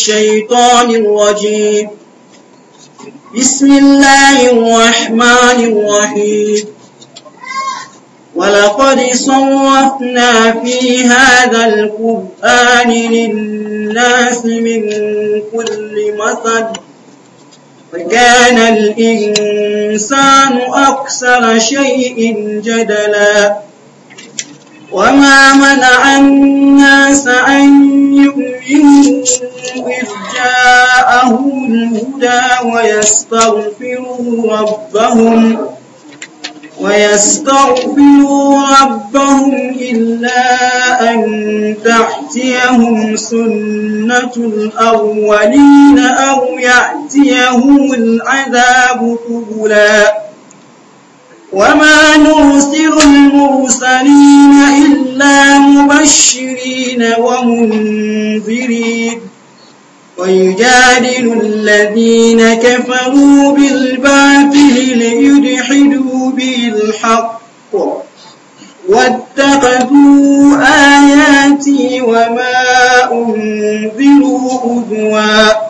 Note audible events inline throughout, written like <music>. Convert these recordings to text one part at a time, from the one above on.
الشيطان الرجيم بسم الله الرحمن الرحيم ولقد صرفنا في هذا القرآن للناس من كل مثل وكان الإنسان أكثر شيء جدلا وما منع الناس أن يؤمنوا إنه إذ جاءه الهدى ويستغفروا ربهم ويستغفروا ربهم إلا أن تأتيهم سنة الأولين أو يأتيهم العذاب قبلاً وما نرسل المرسلين إلا مبشرين ومنذرين ويجادل الذين كفروا بالباطل ليدحدوا به الحق واتخذوا آياتي وما أنذروا أدواً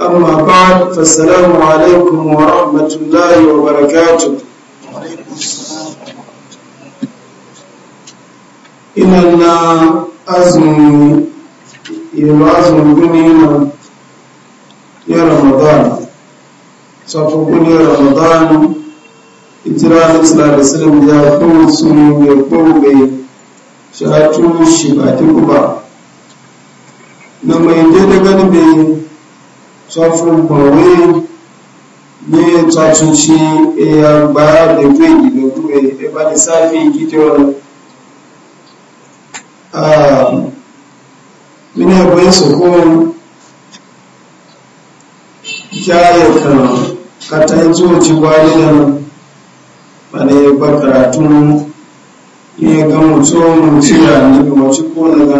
أما بعد فالسلام عليكم ورحمة الله وبركاته إننا أزمي يوازم بنينا يا رمضان صفقون يا رمضان إتران إسلام السلام يا فوسون يا فوبي شاتو شباتي كبا نما يجي دغني tsofin bawai ne tsatunci ya ba da zai gido duwe ya ba da safi gidi wani mini abuwa su ko kyaye kan kata yi tsoci gwani da nan ba da ya ba karatun ya ga mutu mutu ya ne ga mutu ko na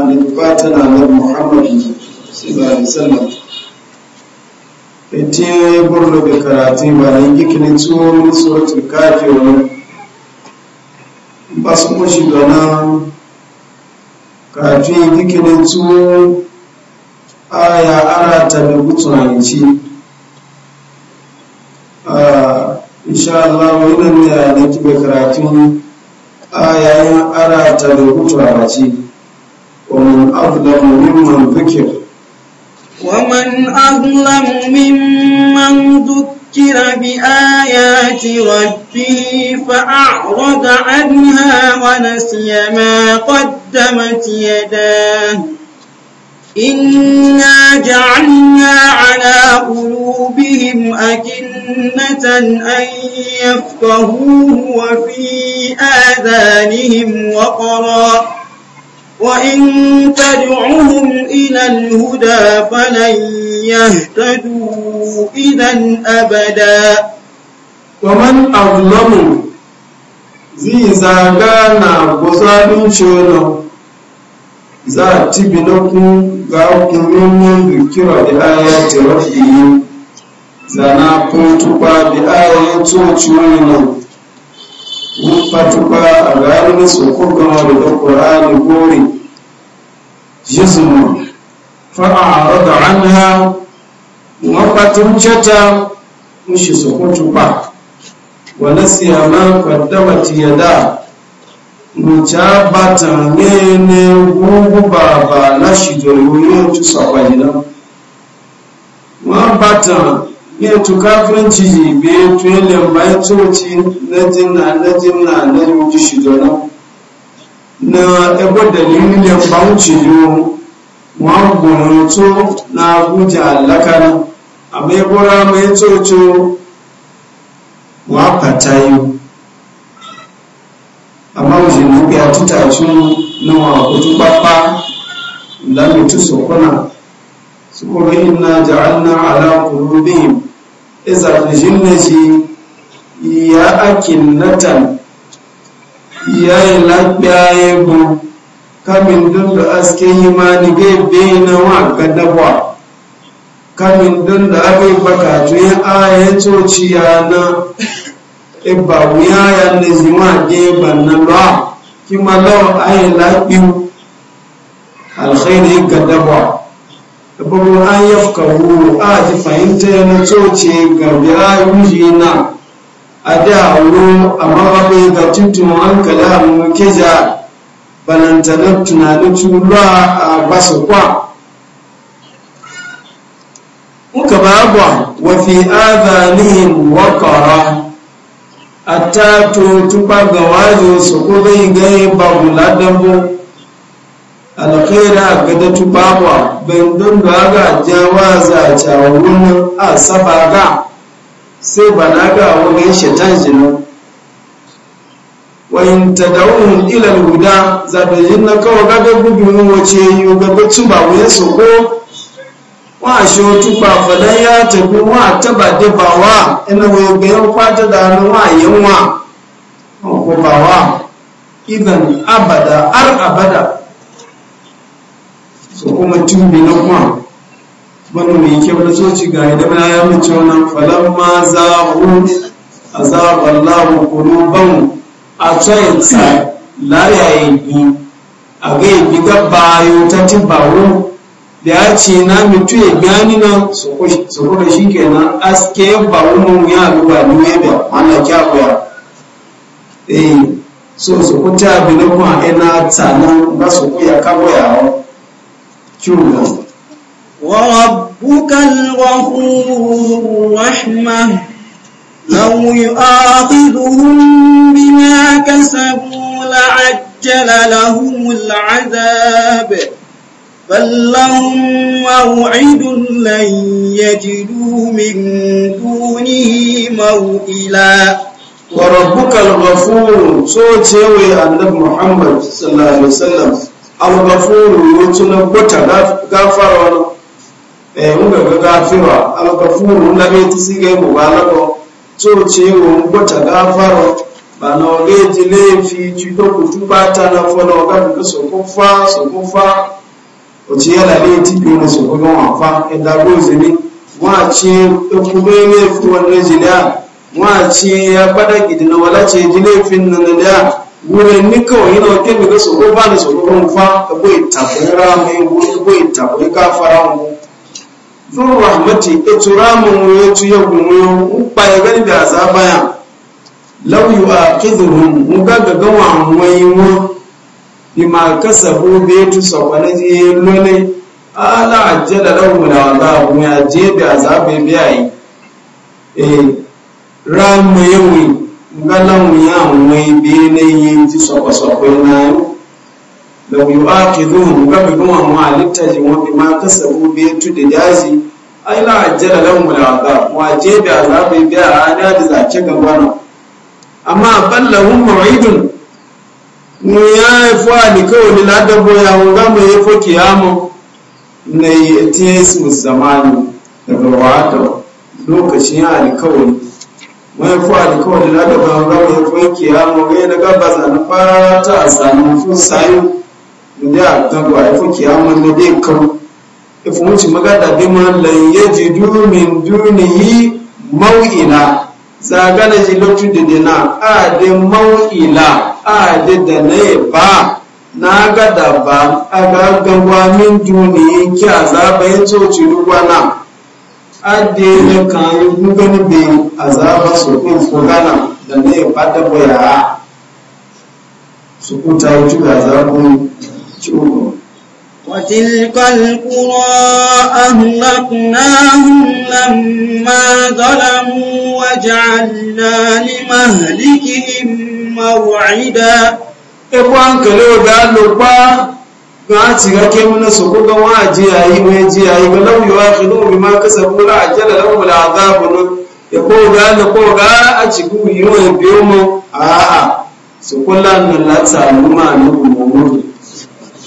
ita ya burna da karatu ba na yi gikin tsohon suratul kafi wani ba su mashi gana yi gikin tsohon aya ara ta da mutuwanci a ah, insha Allah wannan ne a da kibe karatun ayayin ana ta da mutuwanci wa man abda mimman fikir ومن أظلم ممن ذكر بآيات ربه فأعرض عنها ونسي ما قدمت يداه إنا جعلنا على قلوبهم أكنة أن يفقهوه وفي آذانهم وقرا وإن تدعوهم إلى الهدى فلن يهتدوا إذا أبدا ومن أظلم zai zaga na gozalin ciwo za a ci binakun ga hukumin kira da aya ta rafi zana ko tuba da aya ya ciwo ciwo mun a garin su kurgama da da faɗawa gore jismu fa'ara da anha mafatin cata mushi su ba. wa nasiya ma qaddamat yada mucha bata mene gugu baba na da yo tu sabajina ma bata iya e tu kafirinci ji biye tu yalin bayan tsoci na jinna na jinna na yuji shi dona na ebe dalilin ya bauchi yiwu wọn gbọ̀nà tó na agbújà alákàrá àmì ìbúra mai tsoci wọn pàtà yiwu àmà òṣèlú pé àtútà tún náà ojú pápá ìlànà tó izar jinnaji ya akin natan ya yi lafiya bu kamin don da aske yi ma ni gai na wa ga dabwa kamin don da aka yi bakatu ya aya coci ya na iba e wuya ya na zima ge ban na ba kima lawa aya lafiyu alkhairi ga dabwa babu an yafkahu a ji fahimta na coce ga biya yuji na a da wuro amma babu ga tuntun hankala mu keja balantana tunanin tura a basa kwa muka babwa wa fi adhanihim waqara attato tupa ga wazo su ko bai ga babu ladan alkhaira gada da tubawa ban don da ga jawaza wannan a sabaga sai bana ga wani shaitan jinu in tadawun ila huda za da yin na kawo gudu gudun wace yi ga tuba wuyan su ko wa shi o tuba fadan ya tafi wa taba dabawa ina wo ga yan kwata da nan wa yan wa ko bawa idan abada ar abada su kuma tumbi na kuma mai ke wani soci ga idan na ya mace wannan falon ma za hu a za wallahu kuru ban a tsayin sa lariya yi a ga yi gaba yau ta tibawo da ya ce na mutu ya gani na su kuma shi nan aske ba mun ya duba ni ya da wannan kyakuya eh so su kuta bi na kuma ina tsanan ba su kuya kagoyawa ciwo وربك الغفور الرحمة لو يؤاخذهم بما كسبوا لعجل لهم العذاب بل لهم موعد لن يجدوا من دونه موئلا وربك الغفور سوى تيوي النبي محمد صلى الله عليه وسلم alghafuru wotuna gota gafara wani eh nga ga gafira alghafuru na be tisiga mu balago to ce wo gota gafara bana oge jile fi judo kutubata na fona oga bi so ko fa so ko fa o ti yala le ti bi mo so ko wa fa e da go ze ni wa ci e ku be ne fi won ne jile wa ci ya gidi na wala ce jile fin na da wurin ni kawai yana wake mi ga tsoro ba ni tsoro kan fa ka bai tafi ramu ko ka bai tafi ka fara mu zuru rahmati ituramu ya tu ya gumu ba ya gani da azaba ya law yu'aqiduhum mu ga ga gawa mu yi mu bima kasabu bi tu sabana ya lole ala da ajjala lahum al'azab ya je da azabe biyayi eh ramu yawi galan ya mai benayi ti sọ̀kọ̀sọ̀kọ̀ náà lọ́wọ́ yóò á kìlú gbàgbé mu wọn mú àlítàjì wọn bí máa kásà bó bí tú da dáàzì ayílá àjẹrà lọ́wọ́ da àgbà wọn àjẹ́ bí àzábẹ́ bí a rádá da zàkẹ́ ga náà amma balla ma'idun mu ya fo kawai ni ladabo ya wọn gama ya fo na yi tiyesi musamman daga wata lokacin kawai. mai fi alikawali na da banga mai gaba a sanin fi sayu da ya gaba ya fi kiyama na dai kan ifi magada bi ma lanyaji dumin duniyi mau'ina gane ji lotu dina a da mau'ila a da da na ba na gada ba a ga gaba min duniyi a zaɓa yin na ade na kan yi gugani bai azaba su kun da na ya fada baya su kuta yi tuga azabun ciwo وتلك القرى أهلكناهم لما ظلموا وجعلنا لمهلكهم موعدا إخوان كلوا قالوا ga ci ga ke mun so ko ga waji yayi mai ji yayi kasa law yu'akhidu bima kasabu la ajala lahum ya ko ga na ko ga a ci ku yi wa biyo mu a a so kullan nan la ta luma ne mu mu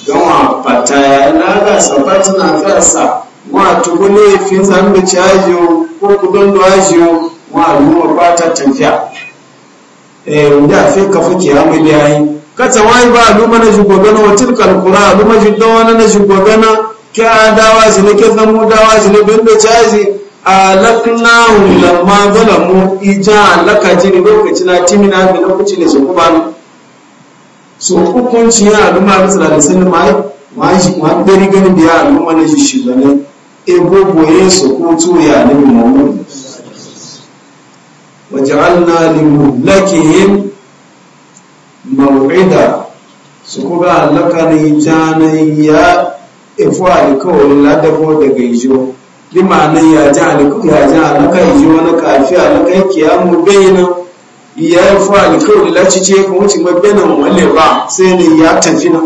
gawa pataya ga sabati na wa tukune fin zan ko do wa tafiya eh wanda fi kafa kata wani ba luma na jugogana wa tilka alkura luma wani na jugogana ke adawa shi ne ke dawa shi ne bin da caji alaknahum lamma zalamu ija alaka jini lokaci na timina bi lokaci ne su kuma ne so hukunci ya aluma bi tsara da sanin ma ma shi ma dari ganin biya aluma na shi shugane ebo boye su ko ya ne mu mu waj'alna limuhlakihim mawu'ida su kuma halaka na hijanin ya ifu alikawarin ladabo daga ijo limanin ya ji ya ijo na kafi halaka ya mu bayina ya ifu alikawarin lacice ya kuma wuce mabinan wale ba sai ne ya tafi na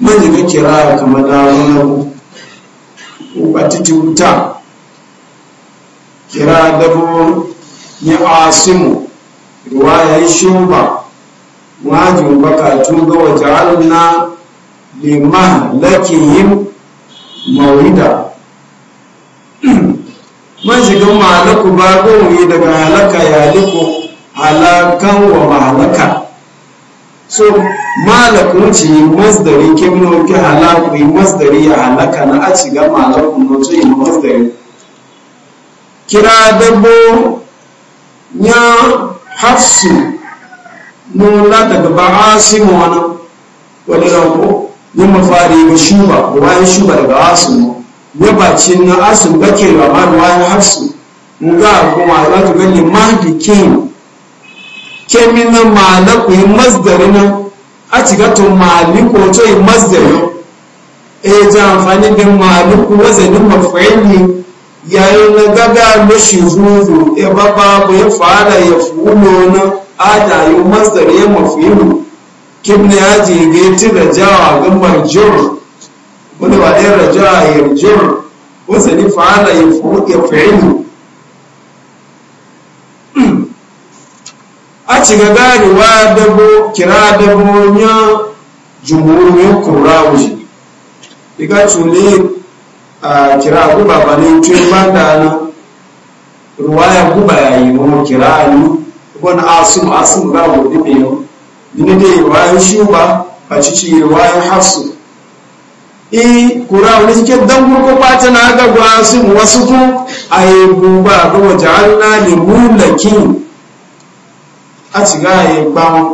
majiga kira kamar da wani ubatiti wuta kira dabo ya asimu ruwa ya yi wajin bakatu ga waje'alna yin mawida <clears throat> man shiga mahalaku ba gowaye daga halaka ya liko halakan wa mahalaka so malakun ci masdari kemno ki halaku yi masdari ya halaka na a shiga malakun noto yi masdari kira dabo ya hafsu nola daga ba'asimu wani wani ranko yi mafari ga shuba da bayan shuba daga asimu ya baci na asimu bake rama da bayan hafsu nga kuma za ta gani mahdi kin Kemi na malaku yi masdari na a cigato maliko to yi masdari e ta amfani da maliku wazanin mafaili yayin na gaga na shi zuru e baba ya fara ya fulo na ada yi masar ya mafiyu kibna ya jege ti jawa ga marjur wani ba ɗaya ya yarjur wasu ni fa'ala ya fa'ilu a ci ga wa dabo kira dabo ya jumhurin kura wuce diga tuni a kira guba ba ne tun ba da Ruwa ya guba ya yi wani kira ni wani asu asim ba mu dube yau dini da riwayan shuba a cici wayan hasu e kura wani cike dan gurko kwata na ga gwasim wasu ku a yi buba ga waje'alna limulakin a ciga a yi gbawon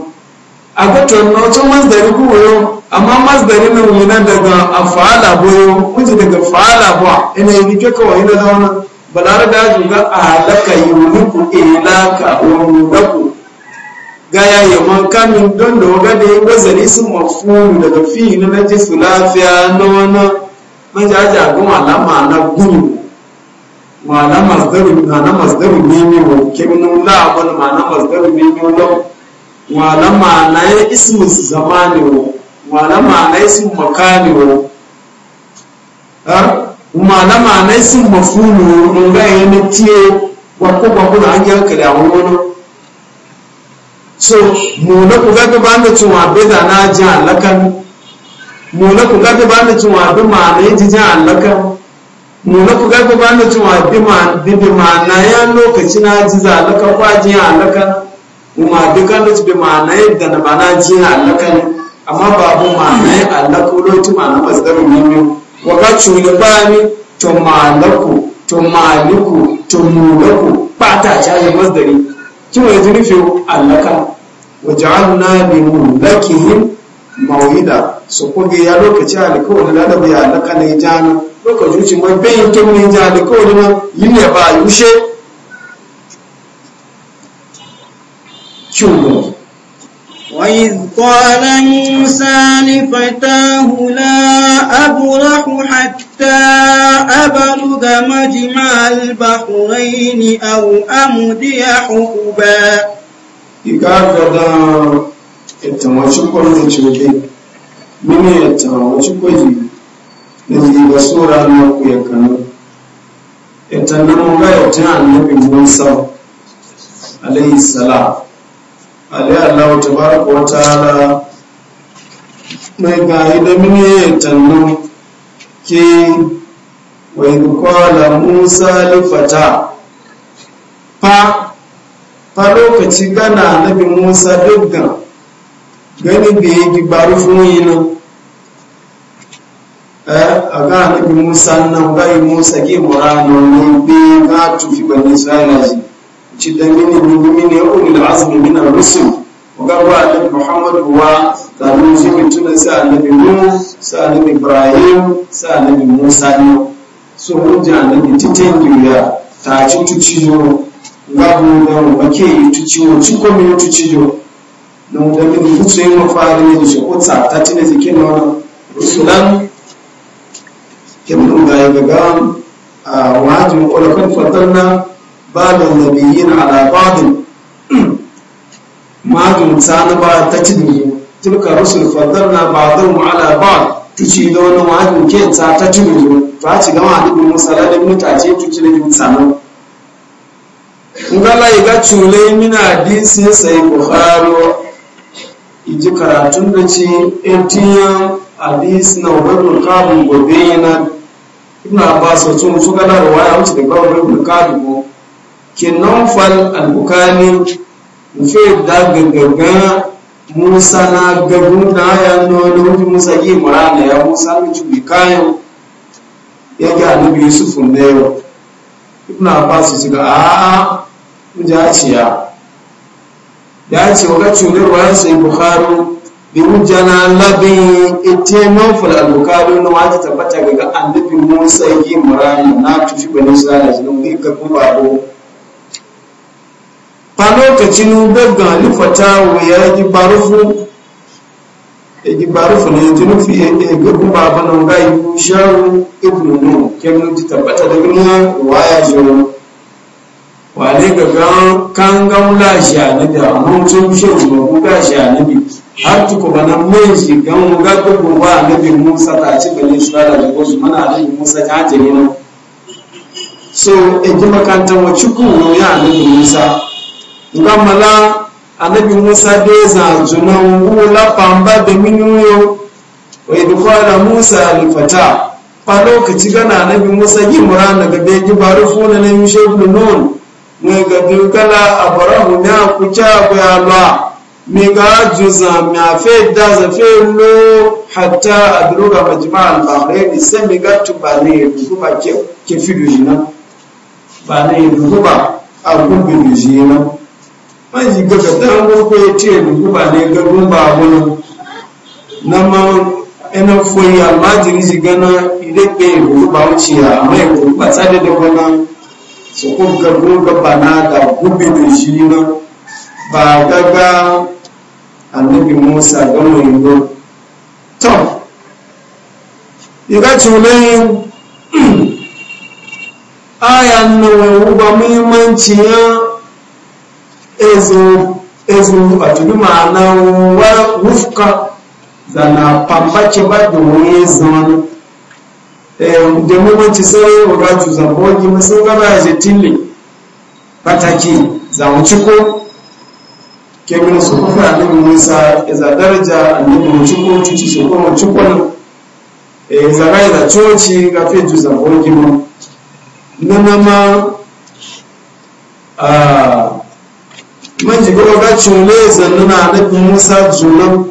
a ga tonnocin masdari yo, amma masdari na wuna daga afala boyo wuce daga fa'ala ba ina yi nike kawai na zauna balar da zuga alaka yunuku ilaka unuku gaya ya man kamin don da waga da ya wazari su mafulu daga fi'il na na jisu lafiya na wani majaja gun alama na gunu ma'ana masdaru ma'ana masdaru ne ne wa kemnu la wani ma'ana masdaru ne ne wa ma'ana ma'ana ya ismu zamani wa ma'ana ma'ana e ismu makani wa malama na sin mafulu nga na tiye gwakko gwakko da hanyar kare a wani so mu na ku gaga ba na cin wabe da na ji alakan mu na ku gaga ba na cin wabe ma na yi ji ji alakan mu na ku gaga ba na cin wabe ma bibi ma na ya lokaci na ji alaka? kwa ji alaka? mu ma duka lokaci bi ma na yi da na ma na ji alakan amma babu ma na alaka? alakan lokaci ma na masu darin wákàtí òun lè bá ní tó máa lọ́kù tó máa lókù tó mú lọ́kù pátá àjáyé mọ́sídẹ̀rí kí wọ́n ti rífi àlákà ọjà náà ni ya lokaci alkawari na da bayan alaka na ijana lokacin shi mai bayin kin ne ja alkawari na yi ne ba yushe kyugo وإذ قال موسى لفتاه لا أبرح حتى أبلغ مجمع البحرين أو أمضي حقبا يقال ẹ̀tàn wọn tí kọ́ ló ti ṣe nínú ẹ̀tàn wọn tí kọ́ yìí lẹ́yìn ìgbà sóra ní ọkọ̀ ẹ̀kan náà ẹ̀tàn náà wọ́n bá ẹ̀tàn ànábì wọn sá aláìsàlá ale allah tabaraka wa ta'ala mai gayi da mini tannu ke wa qala musa li fata fa fa lokaci gana nabi musa dukkan gani da ya bai gibaru fun yin eh, aga nabi musa nan gai musa ke murano ne bai ga tufi bani isra'ila ci da mini mini ulil azmi min ar-rusul gaba annabi Muhammad wa zalim shi mutuna sai annabi Nuh sai annabi Ibrahim sai annabi Musa so hujja annabi titin duniya ta ci tuciyo gabu ba mu bake tu ci ko mi tuciyo da mu da mu tuce mu fara ne shi ko ta ta tine zikin nan rusulan kin ga ga a wajin kullu kan fatanna بعض النبيين على بعض ما tsana ba ta tilmi tilka rusul fadarna ba'dhum ala ba'd tuci da wani magin ke tsa ta tilmi fa ci gama da ibn musa da ibn cule mina hadisi sai bukhari iji karatun da ce etiyan hadis na wadda kabin gobe yana ibn gana da waya wuce da gawar kabin ke nonfal albukani fe da gangan musa na gagun da ya nuna wani musa yi murana ya musa na cubi kayan ya ga annabi yusuf da yau ibn abbas su ga a'a ja ciya ya ce wa kacce da ruwan sai bukhari bi hujjana labin ite nonfal albukani na wata tabbata ga annabi musa yi murana na tushi bane isra'ila shi ne ga kuma ba ba lokacin gaggan lifata wuya gibarufu e gibarufu ne ti nufi e, e gagun baba nan yi sharu ibnu e nu kemin ti tabbata da gina waya zo wale gaga kan ga wula shi a nabi a mutum shi ma guga shi a nabi har ko bana mai e shi gan muga gugu ba bi nabi musa ta ci bane su da da gosu mana da musa ta jere nan so e ji makantan wa cikin ya nabi musa ngamala anabi musa deza juna ngula pamba de minuyo wa musa alifata palo lokaci anabi musa gimura na gabe gibaru funa na mishablu non ne ga dukala abarahu na kuca ba mi ga juza mi afe da zafe lo hatta adruga majma al bahrain sai ga tubane kuma ke ke fidu jina bane ruba a gubin jina man yi ga gaddar ko ya ce duku ba ne ga rumba wani na ma ina foyi almajiri shi gana ile pe ba wuce ya amma ya rumba tsade da gana su kun ga rumba ba na da gube da shi na ba gaga annabi musa ga mai ba to iga culayin ayan nan wa muhimmanci ya ezu atuluma na wa wufka zana pambace ba da wani zama da mumanci sai wuratu zabogi masu gaba ya tilli pataki eh, za mu ciko kemin su kuka annabi musa za daraja annabi mu ciko cici su kuma ciko nan za ga za coci ga fetu zabogi mu na man jiga waga cule zannuna na annabi musa zunan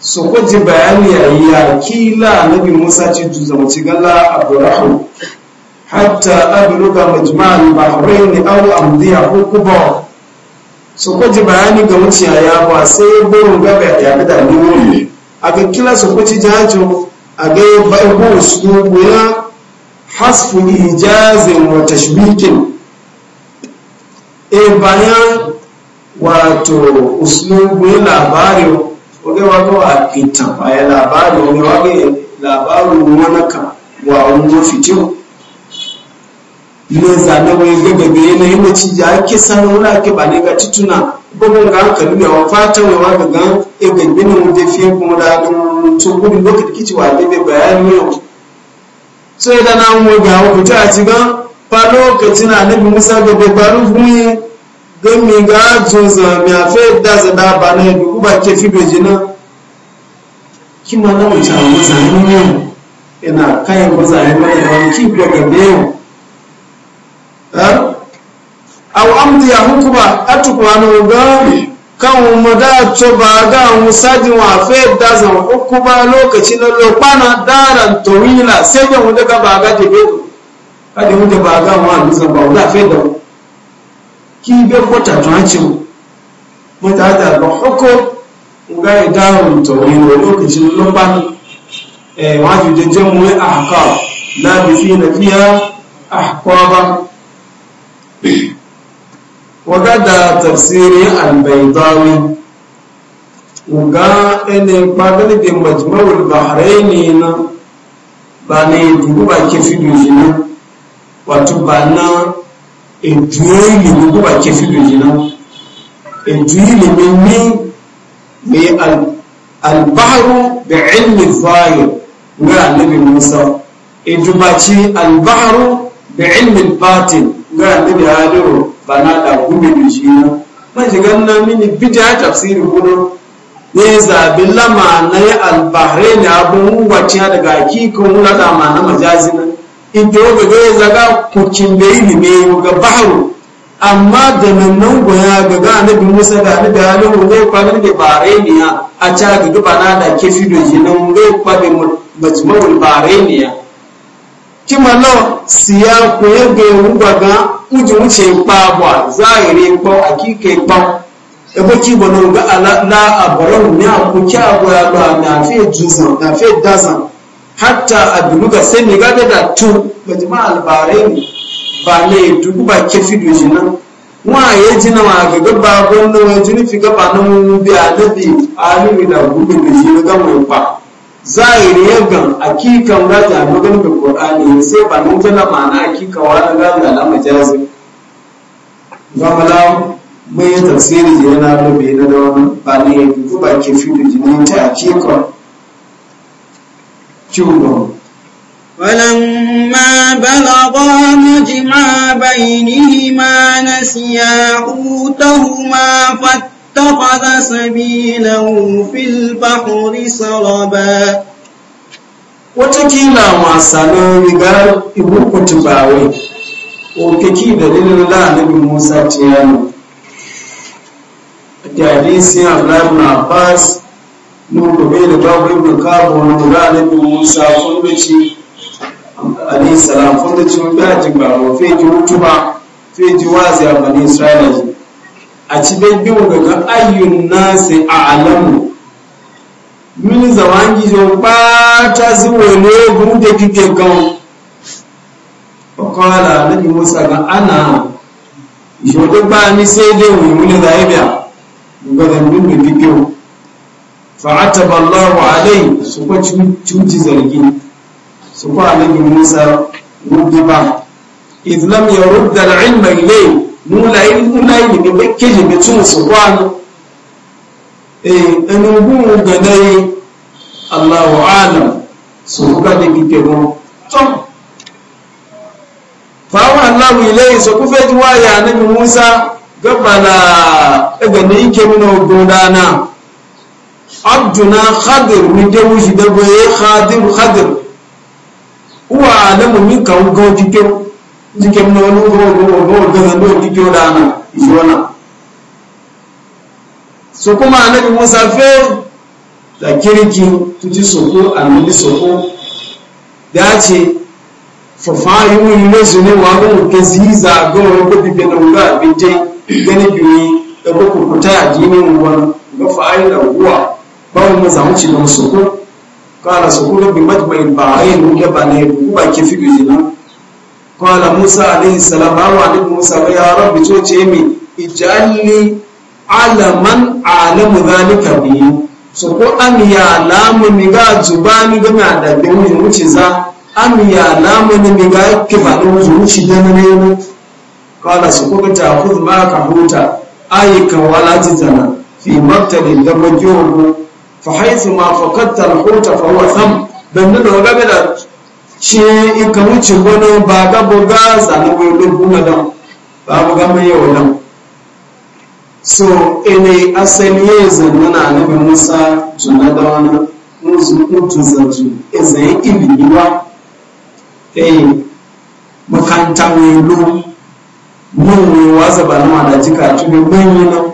su ko bayani a ya kila annabi musa ce ci zama ci galla abdurrahman hatta abluga majma'al bahrain aw amdiya hukuba so ko ji bayani ga wuce ya ba sai burin gaba ya da wuri a ga kila su ko jajo a ga bai ko su ya hasfu ijazin wa tashbikin e bayan wato ya labari wage wato a kitan baya labari wage labari labarin wanaka wa wani fitin ne zane wani gaga ga yanayin da ci ja ake sanar wani ake ba ne ga tituna gwamnan ga hankali ya wafa ta mai waga e ga e wani wanda fiye kuma da hannun tukudin lokacin kici wa ne bayani yau sai da na mu ga hukuta a gan fa lokacin annabi musa ga babbaru huye don mi ga zoza mi a fe da zada ba na yadda kuma ke fi beji na kima na mace a mazanin yau yana kayan mazanin yau wani kim da gabe yau aw amdi ya hukuma atukwano ga kan mada to ba ga musadi wa afe da zan hukuma lokaci na lokana daran tawila sai ga wanda ka ba ga de káde oúnjẹ bá agá àwọn àlùsàn bá òun láàfẹ́ dàn kí ibẹ̀ pọ̀tà tó á ti wù mọ́tà àjà lọ kókó nga ìdáhùn tọ̀wé rẹ̀ lókèjì ló bá ní jẹ́ mú àkọ́ láàbí fi ilẹ̀ àkọ́ bá wagada tafsiri albaidawi e ga ene bagani da na ba ne dubu ba ke fi dujina wato ba na ejuyi limin ko ba ke fi doji na ejuyi limin ni mai albaharu da ilmi zahir ga annabi musa ejubaci albaharu da ilmi batin ga annabi hadiru ba na da gumi doji na man shiga na mini bidiya tafsiri kuma ne zabi lama na yi albahari ne abin wacce daga hakikin wula da ma na majazina inda yoga ga zaga kucin da ilimi yoga baharu amma da nan nan goya ga ga annabi Musa da annabi Harun zai kwanar da bareniya a ca ga gaba na da ke fido jinan zai kwabe ne ya. kima lo siya ko ga wuga ga uju wuce pa bwa zahiri ko akike pa ebo ki bono ga ala la abara ni akuki agwa ba na fe juzan na fe dazan hatta abluga sai mai ga da tu albarai ne ba ne dubu ba ke fido jinan wa ya na ma ga gaba gonno wa jini fi gaba nan bi adabi alimi da gudu da na gama yi ba zahiri ya gan akikan raja magan da ne sai ba nan ma ma'ana akika wa na ga da alama jazi ba mala mai tafsiri jina yana rabe na da wannan ba ne dubu ba ke fido jini ta akika ciwon فلما بلغا مجمع بينهما نسيا حوتهما فاتخذ سبيله في البحر سربا watakila wasannin rigar ibukutu bawai ƙoƙaƙi da dalilin la'anabin musa tiyano da hadisin abu na abbas mun ko bai da babu ibn kabu wani kula ne bin musa fondaci alayhi salam fondaci mun bai jin ba ko fe ji mutuba fe ji wazi a bani isra'ila a ci bai biyu daga ayyun nasi a alamu min zawangi jo bata zuwa ne gun da kike gan kọ́lá níbi musa ga ana ìṣòro tó bá ní sédé òyìnbó lè dáyébíà gbọdọ̀ nínú ìdíkẹ́ o fa'ataba Allahu alai su kwa cuci zargi su kwa alabi Musa ruddi ba idlam ya rudda al'ilma ilai nula yi ne bai keji bai tun su kwa eh anubu ga dai Allahu alam su kuka da kike mu to fa wa Allahu ilai su kufa ji waya nabi Musa gabana daga e ne yake mina gudana abduna khadir mi de wuji da boye khadir khadir uwa alamu mi ka go kike kike no no go go go ga no kike da na zona so kuma annabi Musa fe da kirki tuji soko annabi soko da ce fafayi wuri ne su ne wa ga mu ke ziza ga wani ko bibe na wura bitai gani biyi da ko kurkuta addinin wani ga fa'ayi da ruwa bawon maza wuce da musu ko kala su kuma bi matbayin ba a yi nuke ba ne ku ba ke fi gaji na kala musa alaihi salam ba wa alaihi musa ba ya rabbi to ce mi ijalli alaman alamu zalika bi so ko an ya lamu mi ga zubani ga na da bin mi wuce za an ya lamu ni mi ga ke ba da wuce da ne ne kala su kuma ta kuma ka huta ayyukan walajizana fi maktabin da majiyohu fa haythu ma faqadta al-huta fa huwa tham dan da ga da ce in ka wuce gona ba ga boga zanu ko dubu na dan ba mu ga mai yau nan so ene asali ye zanuna na bi musa juna da wani muzu mutu zanzu ezayin ilimiwa eh makanta welo mun ne waza ba na jika tuni mun yi nan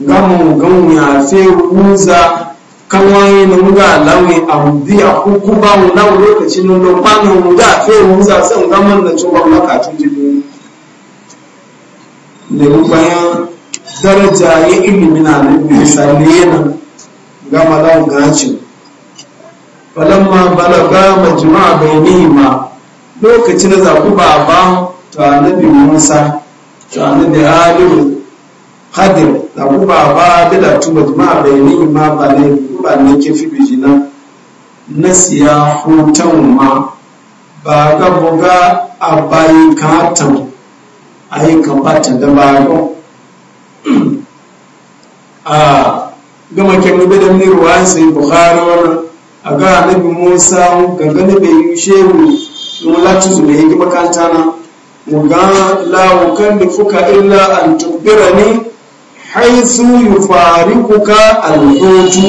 gamu gamu ya fe wuza kamar na muga lawi hudu a kuku ba mu wuri lokaci nan don mu muga fe wuza san gama na cewa maka tun jibi da bayan daraja ya ilimi na nabi sallallahu yana gama lawo gacin falamma balaga majma'a ma lokacin da zaku ba ba to annabi Musa to annabi Aliyu hadin na guba ba da da tuba a bai ni ma ba ne ba ne ke fi bijina na siya hutan ma ba ga buga a bayi katan ayyukan ba ta da bayan <clears throat> a ah, gama kyan da ni ruwan sai bukhari wani a ga annabi musa gangane bai yi shehu in lati su yi makanta na mu ga lawo kan da fuka illa an tubbira ni haisu yufarikuka alhutu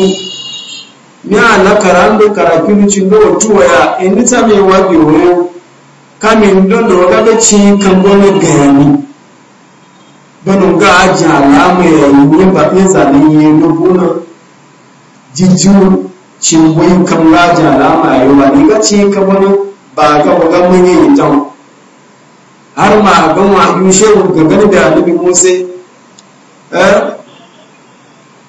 nya na karando karapinici ndo tuwaya ta mai wabi Kamin don ndondo gaga ci kangona gani banu ga aji alamu ya yi ba pesa da yi lubuna jiju cimboyi kan aji alama ya yi ba ni ga ci kangona ba ga ga mun yi jan har ma ga ma yushe ga gani da alibi musa Eh?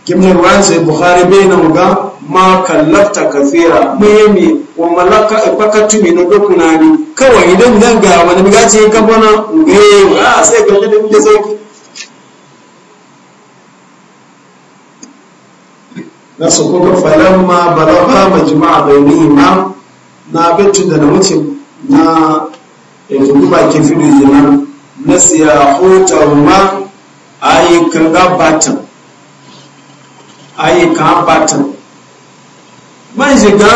kimna ruwan bukhari bai na muga ma kallafta kafira muhimmi wa malaka ifakatu min dukuna kawai idan zan ga wani biga ce ka bana uge a ah, sai ka da da sauki na su kuka falamma balaga majma'a bainihima na bitu da na wuce na ya tudu bakin fidu jina na siya hutahuma ayi kan ga batan ayi kan batan man shiga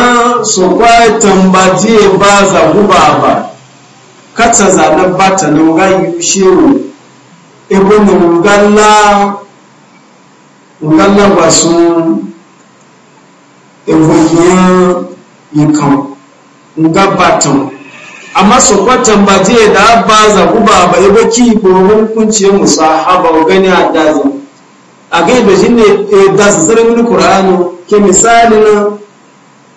su kwaitan ba je ba za guba ba kata zanen batan ga yi shewu ibn ngalla ngalla ba su evoyin yikan nga batan amma su kwatan ba je da ba za ku ba ba yabo ki domin kunce musa haba gani a zo a ga da shine eh, da su zara mini qur'ano ke misali na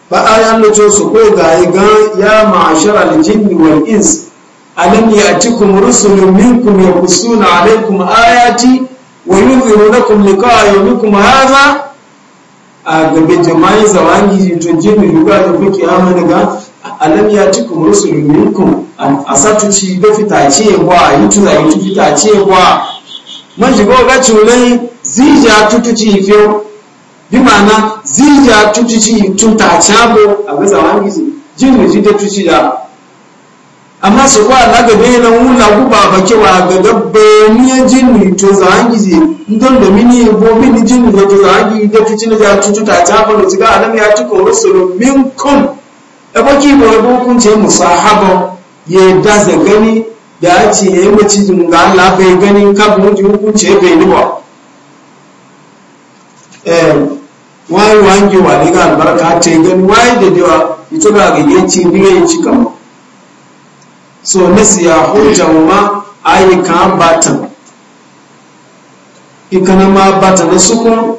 ba ayan da to su ko ga ga ya ma'ashar al-jinn wal ins alam ya'tikum rusulun minkum yaqussuna alaykum ayati wa yunzirunakum liqa'a yawmikum hadha a gabe jama'i zawangi to jinni yuga da kuke amana ga alam ya ci kuma rusulun minkum a satu ci da fita ce wa yi tuna yi fita ce wa man shiga ga culai zija tutuci fiyo bi ma'ana zija tutuci tun ta cabo a ga zaman gizi jin da da tuci da amma su kwa na gaba yana wula guba ba kewa ga gaba ni jin to zaman gizi don da mini bo mini jin da to zaman gizi da tutu ta cabo alam ya ci kuma minkum ɗabaki ba wani hukunce musahaba ya dasa gani da ya ce ya yi macijin ga Allah bai gani kafin wuce hukunce bai ni ba wani wange wa ne ga albarka ta yi gani wani da dewa ita ba ga yanci biya ya ci kama so nasi ya hujja ma ayi kan batan ikana ma bata na sukun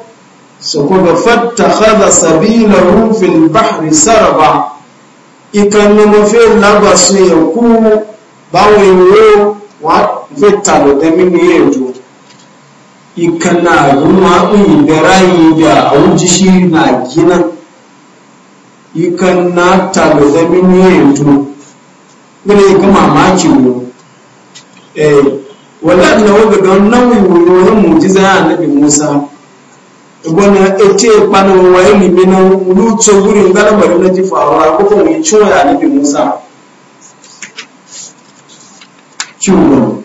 su kuma fatta hada sabilahu rufin bahri saraba ìkànnì mo fẹ́ lágbàsọ èèyàn kú báwọn ìwé wọn fẹ́ tàlọ̀dẹ mímú èèjò ìkànnì àgbọ̀nmọ́ ìbẹ̀rẹ̀ ìbẹ̀ àwọn jíṣẹ́ náà gínà ìkànnì tàlọ̀dẹ mímú èèjò gbọ́dọ̀ ìkọ́ màmá kìwò ẹ̀ wọ́n dáàbò náà wọ́n gbẹ̀gbẹ̀ náà wọ́n ìwòrán ànábì musa. ibona ete pano wa ilimi na luto guri ngana bari na jifawa kuko mu ciwo ya nabi Musa ciwo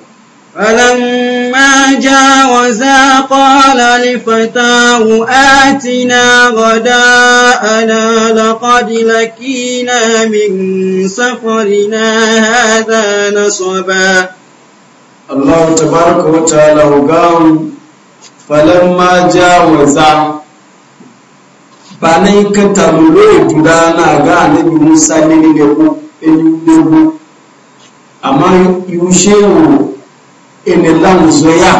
فلما جاوزا قال لفتاه آتنا غداءنا لقد لكينا من سفرنا هذا نصبا الله falamma jawaza banai ka tarulo juda na ga annabi musa ne ne ko in dubu amma yushewu in lan zoya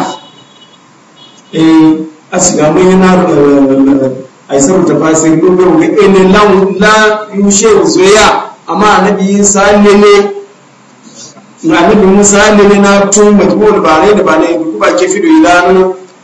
eh asiga mun yana eh, aisar ta fasir dubu ga in lan la yushewu zoya amma annabi isa ne ne annabi musa ne ne na tun majmur bare da bane ba ke fido idanu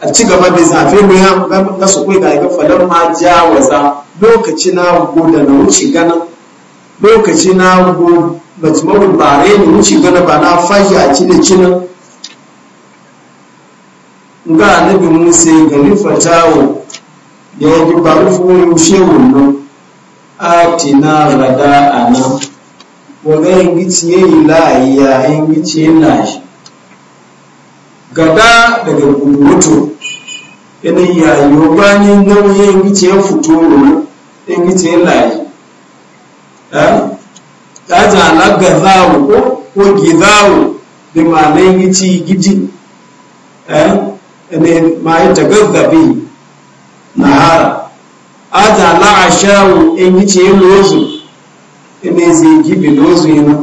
a ci gaba da zafi mu ya ga su kai ga falar ma jawaza lokaci na da na wuce gana lokaci na go batmabul bare ni wuce gana ba na fashi a ci da kina ga annabi Musa ga fatawo ya yi barufu shewun nan atina rada ana wa ga yin gici yayi la yin gici na shi gaba daga gugurutu yana yayo bayan nauyi ngice ya fito ruru ngice ya layi ta ga zawo ko ko gizawo da yi ngici gidi ne ma ya tagazzabi nahara a jala a shawo e ngice ya lozu ne zai gibe lozu yana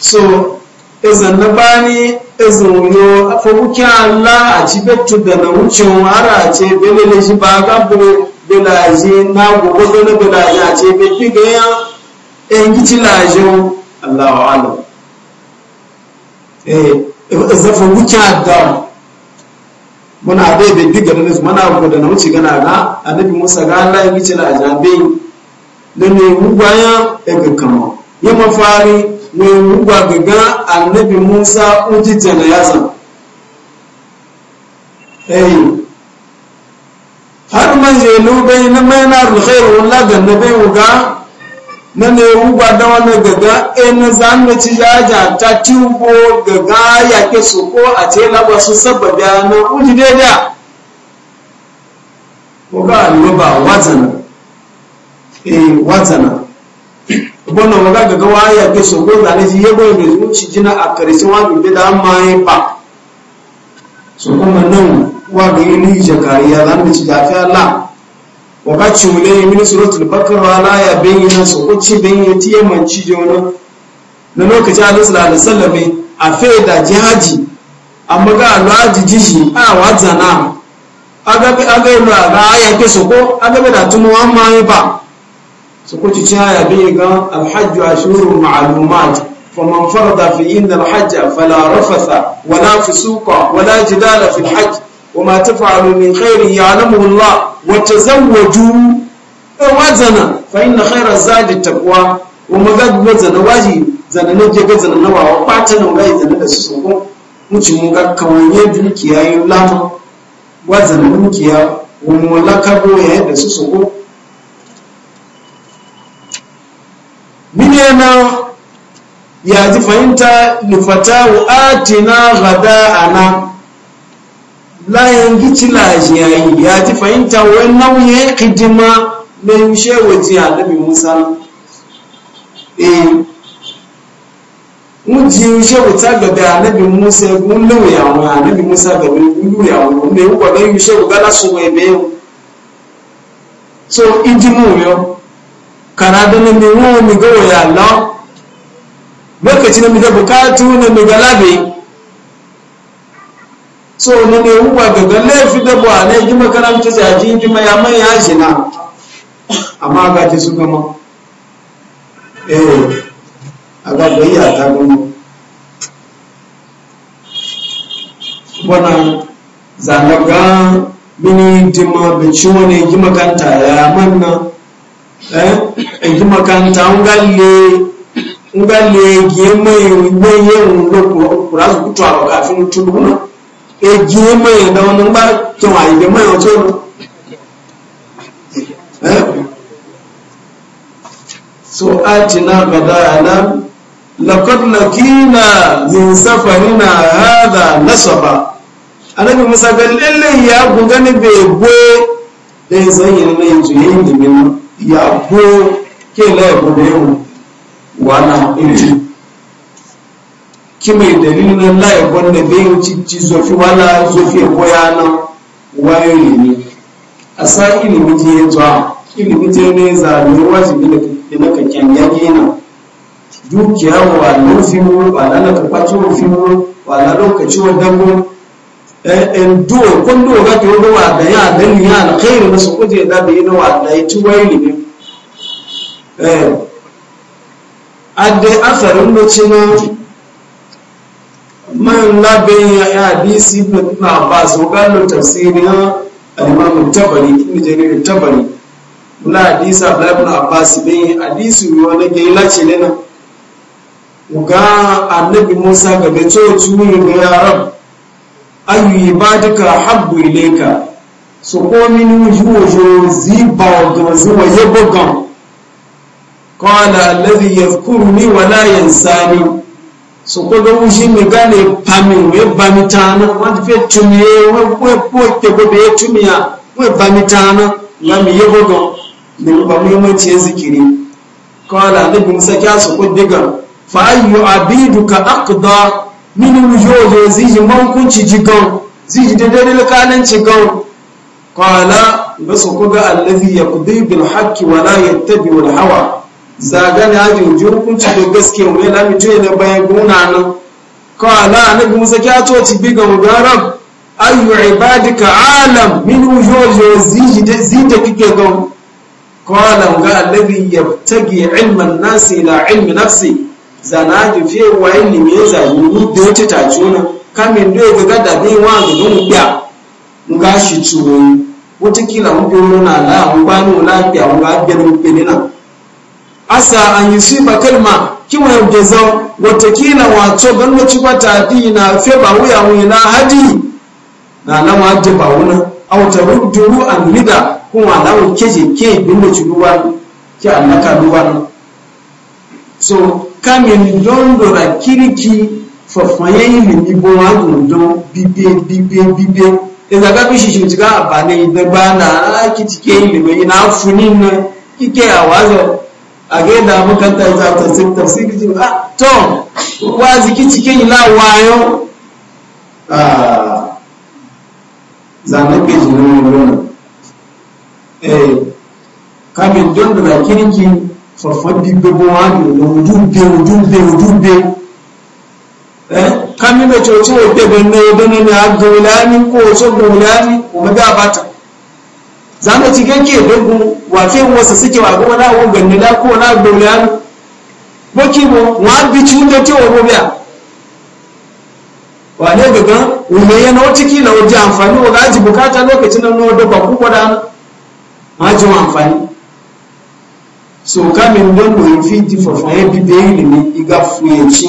so izan na bani ezinwo afobuki ala achibetu dana wuce wara ce belele shi ba ga bu belaje na gogo dole belaje a ce be diga ya en gici lajo Allahu alam eh zafa wuce da muna bai be diga ne mana go dana gana ga annabi Musa ga Allah ya gici lajo be ne e kama ya mafari mai ruba gaga annabi musa ujijja na yatsa eyi har man zelu bai na mai na alkhairu wala ga na bai wuga na ne ruba da wannan gaga e na zanna ci jaja ta tubo gaga ya ke su ko a ce laba su saboda na uji daidai ko ga alluba wazana eh wazana bono maga gaga waya ke e so go zane ji yego ne zuci jina a karshen wani bi da mai ba so kuma nan wa ga ni jakariya zan da ci dafi Allah wa ka cule min suratul bakara la ya bayyana so ko ci bayyana tiye man ci je wani na lokacin Allah sallallahu alaihi wasallam e, a fe da jihaji amma ga alwaji jishi a wazana aga aga ga ya ke so ko aga da tumuwa mai ba e suku ci ci haya bi gan alhajju ashurun ma'lumat faman farada fi inna alhajja fala rafasa wala fusuqa wala jidala fi alhajj wama taf'alu min khairin ya'lamu Allah wa tazawwaju wazana fa inna khayra zadi taqwa wama gadwa zana waji zana ne je gadzana nawa wa patana wa ida da su ko muci mun ga kawaye dukiya yin lama wazana mun kiya wa mulaka do ya da su ko ya ji fahimta lifatawu atina ghada'ana layan gici laji yayi ya ji fahimta wannan ya kidima na ushe waje annabi musa eh mun ji ushe yushe wata gabe annabi musa mun lewe yawon annabi musa gabe mun lewe yawon ne ko ushe yushe ga la so ebe so ijimu yo kana da ne mi wo mi go ya Allah lokaci na mida bukatu na mida labe so na ne ga gaga laifi da ba ne ji makaranta jaji ji mai gima ya na amma ga ta su gama eh a ga bayya ta gama wannan zanaga mini dima bici wani gima kanta ya manna eh gima kanta an galle nga leegie mayo neyewu loko kurazu kutwala kafi mutuluma egie mayo ndaona ngba kyawaile mayo tsono so atina badana laqad lakina min safarina hadha nasaba anabi musa ga lalle ya gugani bai gwe da zai yi na yanzu yin dimina ya gwe ke laifin da yawon gwana inji ki mai dalilin nan wanda bai wuce ci zofi wala zofi koya nan wayo ne a sa ilimi ji ya zuwa ilimi ta ne zaɓi wajibi da na kakken yaƙi nan dukiya wa lufin wa lalaka kwacin rufin wa lalakaci wa dangon ndo eh, eh, kondo wakati wanda wada ya adani ya alkhairu na su kuje da bai na wada ya ci wayo ne eh, adde asarin mace na man labin ya yi hadisi ibn abbas wakalin tafsirin al-imam tabari ibn jarir tabari na hadisi abdullahi ibn abbas bin yi hadisi yiwa na ke lace ne na ga annabi musa ga bai to tuni ga yaran ayu ibadika habbu ilayka so ko min wujuhu ziba wa zuwa yabugan qala alladhi yadhkuruni wa la yansani ga mushi mi gane pami we bamitana wa fe tumie we we po ke go tumia we bamitana la mi yego go ne ba mu ce zikiri qala alladhi musaka so ko diga fa ayu abiduka aqda min wujoje ziji mankunci jigan ziji da dare lakalanci hawa zagani haji uji hukunci da gaske wani lamitu ne bayan guna nan kawala annabi musa kya coci biga mugarab ayu ibadika alam min zi da kike gan kawala ga annabi ya tagi ilman nasi ila ilmi nafsi zana ji fiye wa ilimi ya zagini da ya ci tajuna kamin da ya gaga da wa ga gan biya ga shi ciwo wata kila mun bi mun ala mun ba ni lafiya mun ga ganin asa an yusiba kalma kiwa yabgeza watakila wato ganwa wata tafi na fe ba wuya wina hadi na lawa hadi ba wuna aw taruddu an lida kuma lawa keje ke binda ciruwa ki annaka duwan so kamin londo da kiriki fafayen ilimi bo wa dondo bibe bibe bibe ina ga da shi tiga abane idan bana kitike ilimi ina funin kike wazo. agenda ga yadda za ta sai ji a to wa ziki cikin ila wayo a ah, zanen ke jini wurin eh kamin don da na kirki farfar da eh kamin da coci wadda bane ne ko wasu gaulani kuma da bata zanen ke dogon Wake wasu suke wa goma na abu ganni na ko na gbomiyanu boki mo wa bi cin da ti wa biya wa ne gaga wume ya na wata kila waje amfani wa gaji bukata lokacin nan na wadda ba ku kwada ma ji wa amfani so min don ji yin fiti bi bibe ilimi iga fuyanci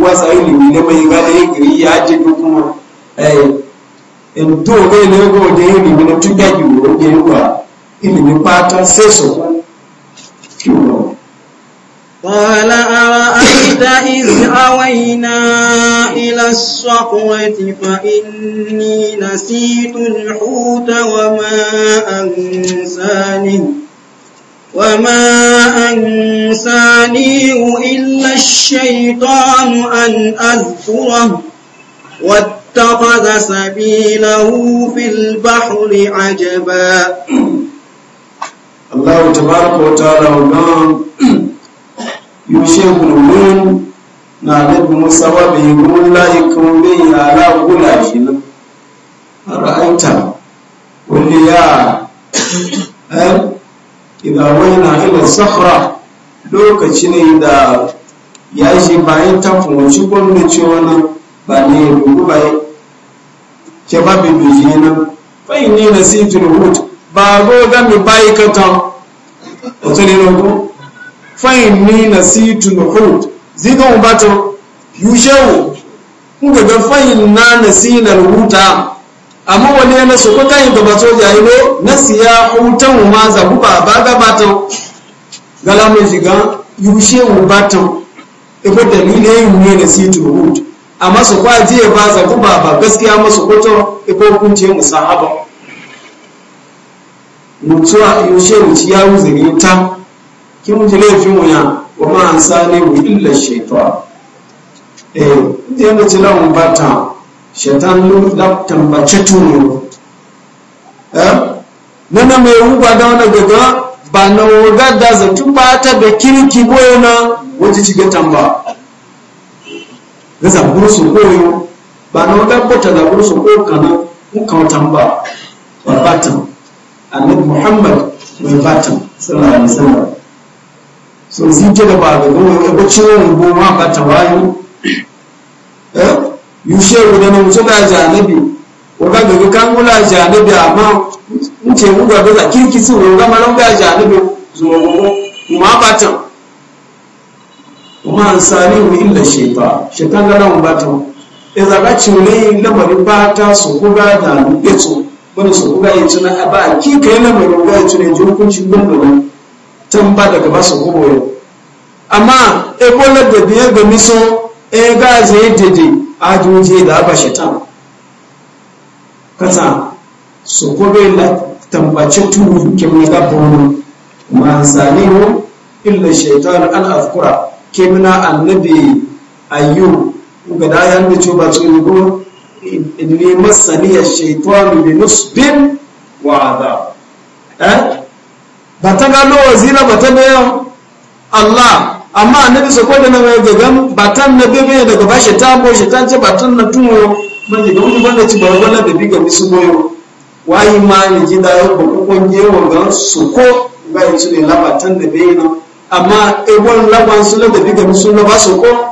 wasa ilimi ne mai iga da yin giri ya je kuma eh in to ga ne go da ilimi na tuka ki wo ke ruwa ilimin fata sai قال أرأيت إذ أوينا إلى الصخرة فإني نسيت الحوت وما أنساني وما أنسانيه إلا الشيطان أن أذكره واتخذ سبيله في البحر عجبا Allah tabaraka wa ta'ala wannan yushe gurbin na da kuma sababi gurbin laikun bin yara gula shi nan a ra'anta wani ya ɗan eh, idawai na ila sahara lokaci ne da ya shi bayan ta kunci gwamna ce wani ba ne ya dubu bai ke babin biji nan fahimni na sintin hutu baago gami bayi kankan wato ne rogo fain ni na situ na hud ziga mu bato yushewu kun ga fain na na si na rubuta amma wani yana so kuka yi gaba soja yi ne na siya hutan ma zabu ba ba ga bato gala mai shiga yushewu bato iko dalilin yin ne na to na hud amma su kwaje ba zabu ba ba gaskiya masu kuto iko kunce musahaba mutuwa yaushe mutu ya wuzuri ta kin mutu laifin wuya wa ma an sani mu illa shaitan eh inda mutu na umbata shaitan lu da tambace tunu eh nana mai ruba da wani gaga ba na waga da zatu ta da kirki boye na waje shiga tamba da zaburu su koyo ba na waga bata da zaburu su koyo kana kun kawo tamba ba batan annabi muhammad mai fatan sallallahu alaihi wasallam so sun zike da ba ga goma ya ko cire rubo ma ba ta wayo eh yushe guda na mutum da janabi ko ga ga kan mula janabi amma in ce mu ga ga kirkisi ko ga malon ga janabi zo mu ma fatan kuma an ansari mu illa shefa shekan ga nan ba ta idan ga cire lamarin ba ta su ko ga da ya tsoro mana su kuga yi tuna a ba a kika yi lamarin kuga yi tuna ji hukuncin gwamnati ba daga ba su amma e amma ebola da biyar ga miso e ga zai dede a joje da ba shi ta kasa su kuma la tambaci turu kim na gabon ma zane mu illa shaitan an afkura ke na annabi ayyu ga da yan da ba tsoro inni masaniya shaitanu bi nusbin wa adab eh bata ga lo wazira bata da yau Allah amma annabi sako da nan ga gan batan na bebe daga ba shi tambo shi tance batan na tumo manje don mu bana ci barba da biga misu boyo wayi ma ni ji da yau ko ko nyewa ga soko ga yi su ne labatan da bai na amma ebon laban su da biga misu na ba soko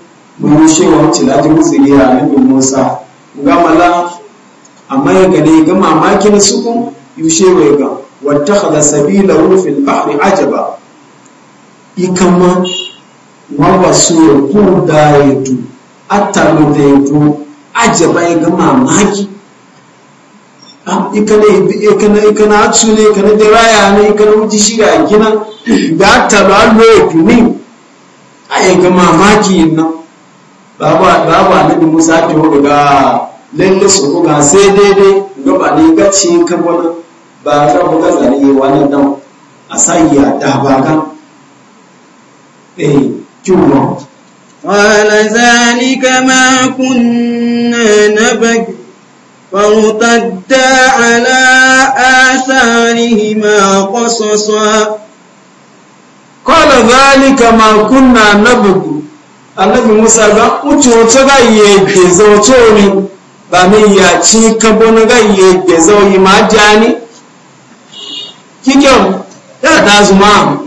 mun wa wacce da ajin gira a nufin musa mala amma ya gane ga mamakin sukun yushe wa ga wata khada sabila rufin bahri ajaba ikamma wa wasu ku da ya atalu da ya ajaba ga mamaki ah, ikana ikana atsu ne da raya ne ikana wuce shiga gina da atalu allo ya du ne a ga mamaki nan babu annabi musa ke hudu ga lalle su ga sai daidai ga ba ne gaci ka ba a zama ga zane yi wani nan a sanya ya da ba ga eh, kyuwa wala zani kama kunna na bagi fautadda ala asarihi ma kwasasa kwala zani kama kunna na bagi annabi musa ga uti wato ga iye ni ba mi ya ci kabo na ga yi ma jani ta zuma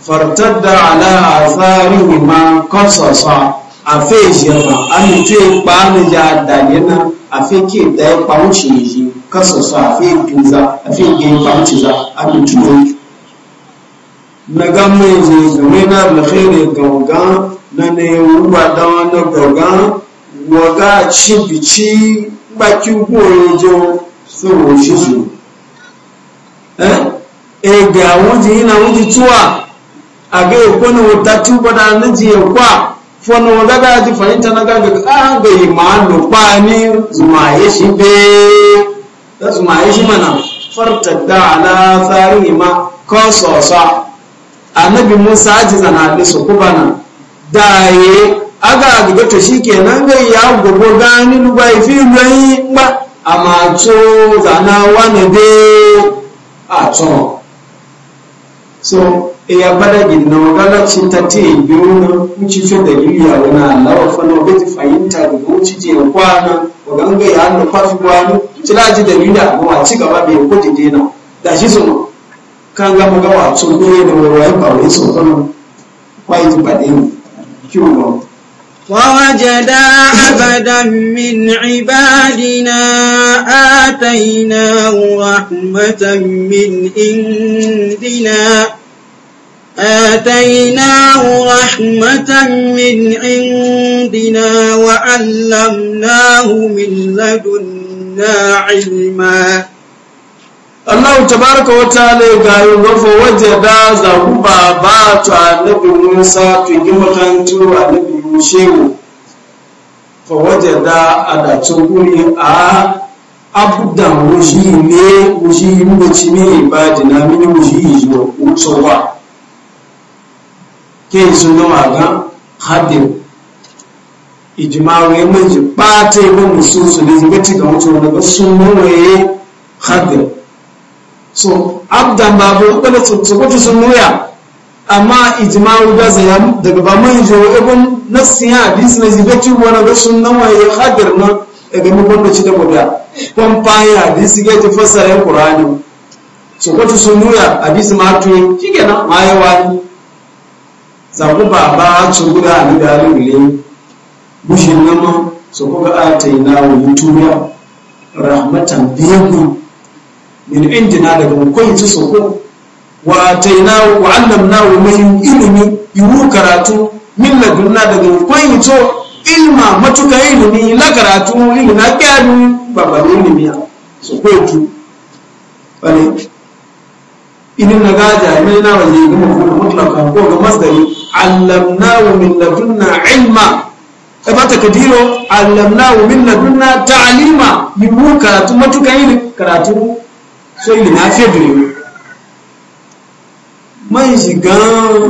fartadda ala azarihi ma a fe jema an ce ni ja ke da ya kwanci yi kasasa a duza a fe ge za na gamme je game na alkhairi gauga na ne ruwa dawa na gauga waga ci bici baki goyo jo su shi eh? su e eh, ga wuji ina wuji tuwa a ga ko na wata tuba da na je kwa fọnà a dáadáa ti fàyín tánà gágbé àgbè ìmàlù pa ní zùmáyé sí shi mana sí mọ̀nà fọ́rọ̀tẹ̀dá aláàtàrí ma kọ́ sosa. annabi musa zana zanabe su na daye aga gida to shikenan gai ya gogo gani dubai fi lai ba amma to zana wani de a to so ya bada gina magana ci ta te biyu na kuci fi da yiwu wani allawa fana bai fahimta da kuci je kwana waganga ya hannu kwafi kwano ci laji da yiwu da abuwa ci gaba bai kuɗi dena da shi su kan ga muga wa sun ne da wai ba wai so Wa kwayi ji bade ni kiwo ووجدا عبدا من عبادنا آتيناه رحمة من عندنا آتيناه رحمة من عندنا وعلمناه من لدنا علما Allah tabaraka wa ta'ala ga yi gafa waje da zaku ba ba to annabi Musa to yi makantu annabi shehu fa waje da ada guri a abdan wuji ne wuji ne ci ne ibadi na mini wuji jo utsowa ke sun ga maga hadin ijma'u mun ji ba ta yi ba musu su ne ga ga mutu ga sun mawaye hadin so abdan babu wadda su kwace sun nuya amma ijima da zaya daga ba man jo ibn nasiya hadis na zibati wani ga sunnan waye hadir na daga mu banda ci da gobiya kon faya hadis ga ji fasara qur'ani so kwace sun nuya hadis ma to kike na maye wani zaku ba ba su guda ni da alule bushin nan so ko ga ataina wa tuya rahmatan biyu min indina daga hukunci soko wa taina wa allamnahu min ilmi yiwu karatu min ladunna daga hukunci ilma matuka ilimi la karatu ilimi na kyanu babban ilimi ya so ko ju wani inin na gaja ne na waje ga mutum mutlaka ko ga masdari allamnahu min ladunna ilma e bata kadiro allamnahu min ladunna ta'lima yiwu karatu matuka ilimi karatu so yìí náà fẹ́ bìrì o man shi gan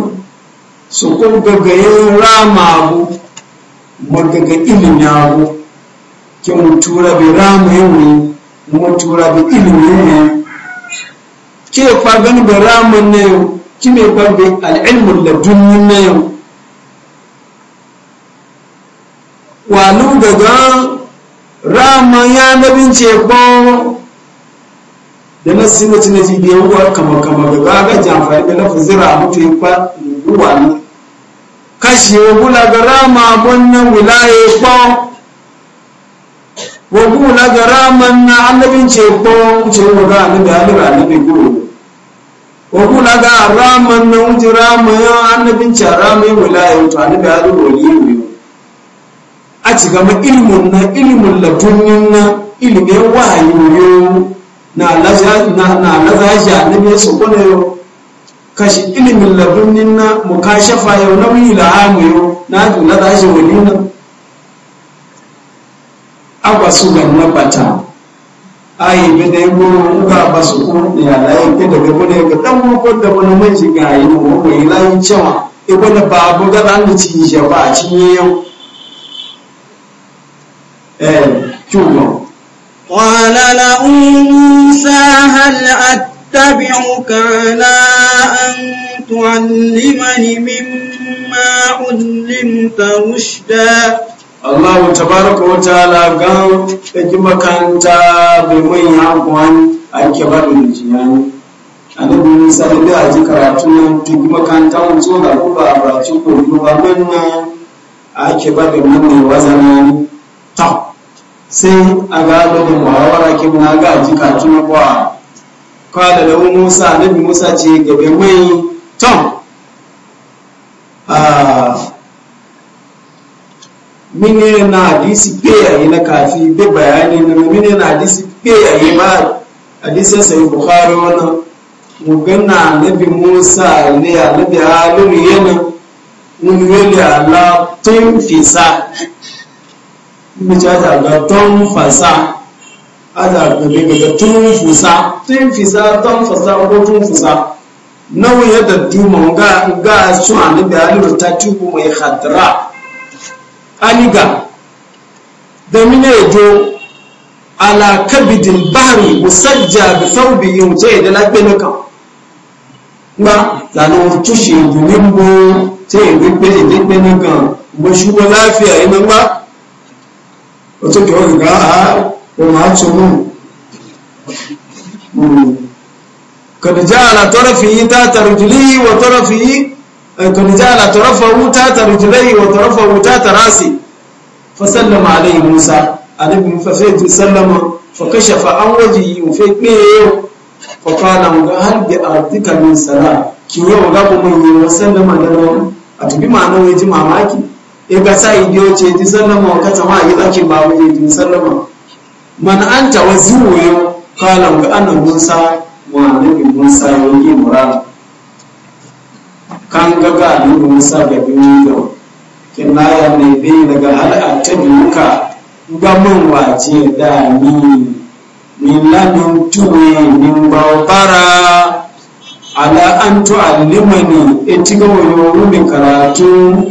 sukun rama abu magaga ilimin abu ki mutura bi rama yawon mutura bi ilimin yawon ke fagan bi rama na yau ki mai gwagbe al'ilmin ladunni na yau walu gaga rama ya nabin ce gbọ́n da na sinu ci na jibi yawuwa kamar kamar da ba ga jamfani na lafi a mutu yin kwa ruwa ne kashi wa gula ga rama wannan wilaye kwa wa gula ga rama na annabin ce kwa wuce wa ga annabi annabi annabi guru wa gula ga rama na wuce rama ya annabin ce rama ya wilaye wuce annabi annabi wani yi a ci gama ilimin na ilimin latunin na ilimin wahayi wuyo na lazaja na biya su kone yau kashi ilimin ladunin na mukashafa yau na wani la'amu yau na ju lazaja wani na agwa su ga nabata ayi bi da yabo ga ba su ko ya layi ke da gaba ne ga dan ko da wani mai shiga yi mu ko yi layi cewa e wani babu ga dan da ci ya ba ci yau eh kyugo قال له موسى هل أتبعك على أن تعلمني مما علمت رشدا الله تبارك وتعالى قال فكما كانت makaranta bai manya kwan ake ba da jiyani. Annabi Musa da da ji karatu nan ta mun so da ku nan ake ba da mun ne wazana sai a gado da muhawara ki na ga jika tuna na kwa kwada da musa bi musa ce gabe mai tom ah. mine na hadisi pe yayi na kafi be bayani na mine na hadisi pe yayi ba hadisi sai bukhari wannan mugana bi musa ne nabi halu yana mun ala tun fisa mace ga ton fasa a daga daga tun fusa tun fisa ton fasa ko tun fusa nawa ya dadduma ga ga su annabi alilu ta tubu mai hadra aliga da mine jo ala kabidil bahri musajja bi thawbi yunje da labe naka ba zanu tushe gulimbo sai bi bi bi naka ba shi lafiya ina ba wọ́n tó tọ́wọ́ gbà á wọ́n máa tó mú kàdìjá àlàtọ́rọ̀ fi da ya ji mamaki iga sa biyo ce ti sallama wa kata ma yi tsakin ba mu je sallama man anta wa ya kala ga annan musa wa annabi musa ya yi mura kan ga ga annabi musa ga biyu da ya ne be daga hal duka, ga mun ce da ni la ladun tuwe ba bawbara ala an tu'allimani itiga wa yorumin karatu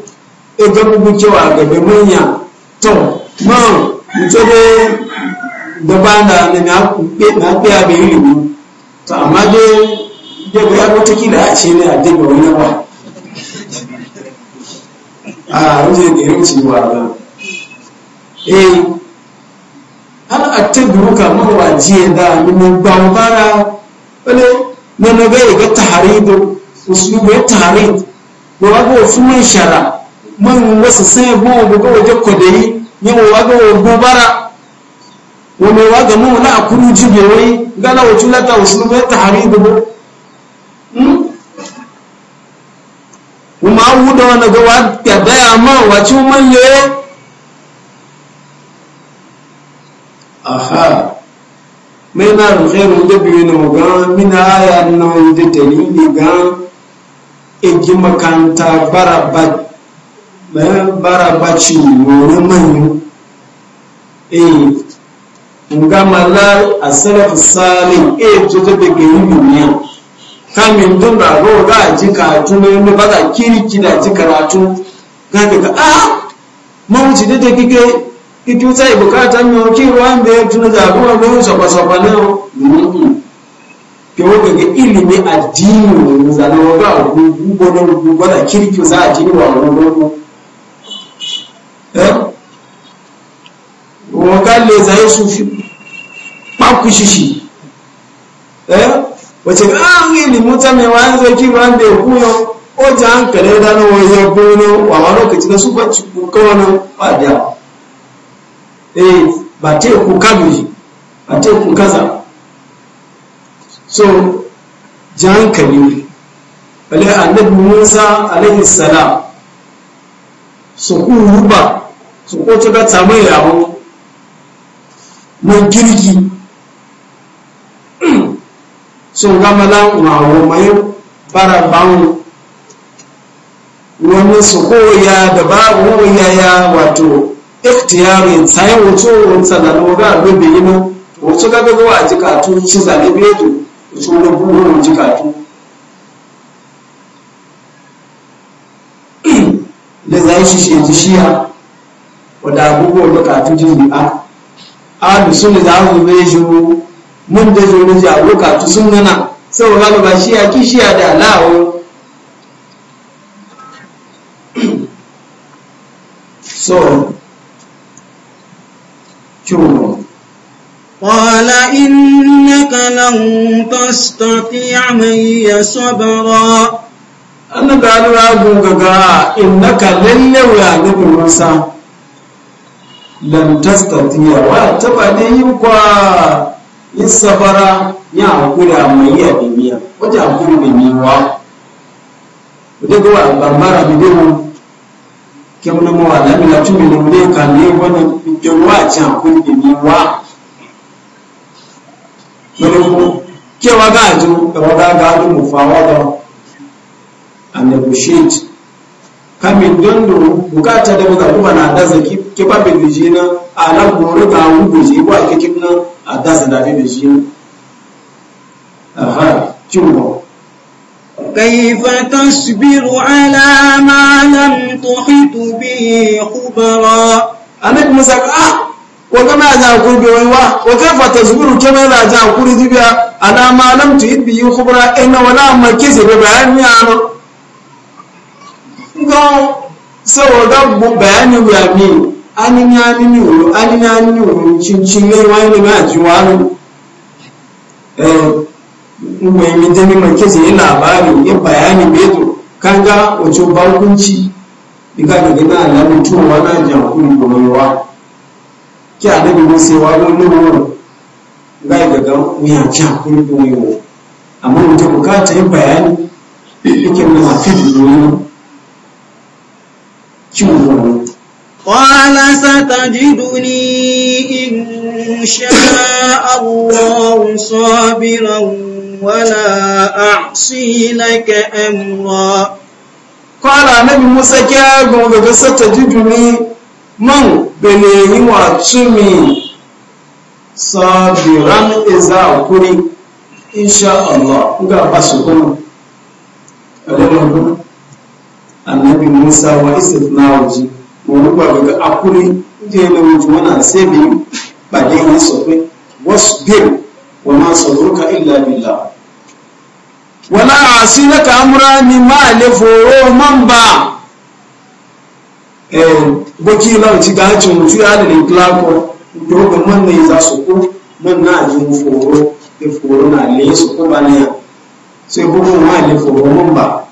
ga bugun cewa ga manya to ma mutum da ba na na fiya bai ilimi to amma dai ya ga yaro a ce ne a daga wani a ruje e, da yin cewa ba eh har a tabbata mawa jiya da mun ba bara wani e na na ga ga taharidu usulul tahrid wa abu shara' man wasu sai go go go je ko dai yin wa go go bara wa me wa ga mu na akuru ji be wai gana wa tulata usul be tahridu bo hmm kuma an da wannan ga wa ya da ya ma wa ci man le aha mai na alkhairu da biyu ne ga mina aya nan da dalili ga ejin makanta bara bayan bara bachi wani manyu eh nga mala asalafu salim e jojo be ke yin duniya kamin da ga ji karatu ne ba ka kiriki da ji karatu ga a mawuci da kike kitu sai bukata mu ki ruwan tuna da ruwan da so ba so ba ke wo ga ilimi addini ne ga za a ji wa wakale zai su fi ɓaku wace aaa an yi limuta mai wayan zaki ban da ya kuyo o ta hankali na wajen bono wa ma lokaci su bacci kokawa na fadiya eh ba ta ku ba ta ku kaza so ji hankali wale annabi musa alaihi salam su ku ruba su ko ta ga samu yabo mun kirki so gamalan mawo mai fara bawon wani su koya da babu ya wato ikhtiyari sai wato sanan ga gobe ina wato ga ga a jika to ci zale beto wato ne buhu jika to da zai shi shi shiya wadda da jin a alu sun da zamu bai shiru mun da zo ne ja sun gana saboda ga ba shi ya shi ya da lawo so chuno قال إنك لن تستطيع معي صبرا أنا قالوا يا أبو إنك لن يولا نبي lam tastatiya wa taba da yin kwa in safara ya hakura mai ya bimiya wace hakuri da miwa wace ga wa bambara mi demo kem na mawa da mi latu mi ne ka ne wannan don wa ci hakuri da miwa ko kewa ga ju da wa ga ga du mufawada and negotiate kamin dondo bukata da muka kuma na da zaki ke ba bin biji na a nan gore ga wu biji ba ke kin nan a da sa da biji na aha jumbo كيف تصبر على ما لم تحط به خبرا أنا مسك أه وكما أجا أقول بويوا وكيف تصبر كما أجا أقول ذبيا على ما لم تحط به خبرا إن ولا ما كذب بعيني أنا no so ga bayani ya mi anini anini wuru anini anini wuru wani ma ji wani eh, mai mitani mai kesa yi labari ya bayani beto kanga wace bakunci ika da gina alamun tuwa na jakun gomewa ki a nabi mun sai wa don nuna ga ga ga wuya jakun gomewa amma mutum bukata yi bayani yake mun hafi ki doyi قال ستجدني إن شاء الله صابرا ولا أعصي لك أمرا قال نبي موسى كاغو ستجدني من بنيه واتشمي صابرا إذا كني إن شاء الله نقع بسكونا النبي موسى وإستثناء وجيه wọn gbà gbẹgbẹ akuri ndí ẹni wọn tí wọn náà sẹbi pàdé yìí sọ pé wọ́sù bẹ́ẹ̀ wọn máa sọ lórúkà ilà bìlà. wọn náà àṣì lẹ́ka amúra ni máa lè fòró máa ń bà ẹ̀ ti tí lè gbà mọ́ ní ìzà sọ́kó mọ́ náà yìí ń náà lè sọ́kó bá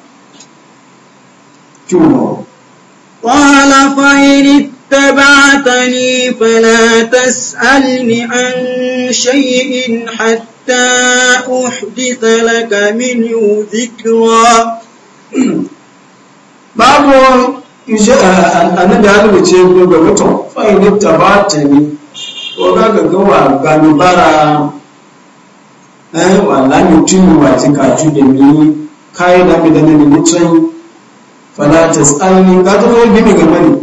قال فإن اتبعتني فلا تسألني عن شيء حتى أحدث لك منه ذكرا babu annabi halibu ce gobe mutum fa'in ta ba ta ne ko ga gagawa ga nubara eh wala mutum wa ta kaju da ni kai da mi da ni mutum fala tasalni ka to ne bi ga mani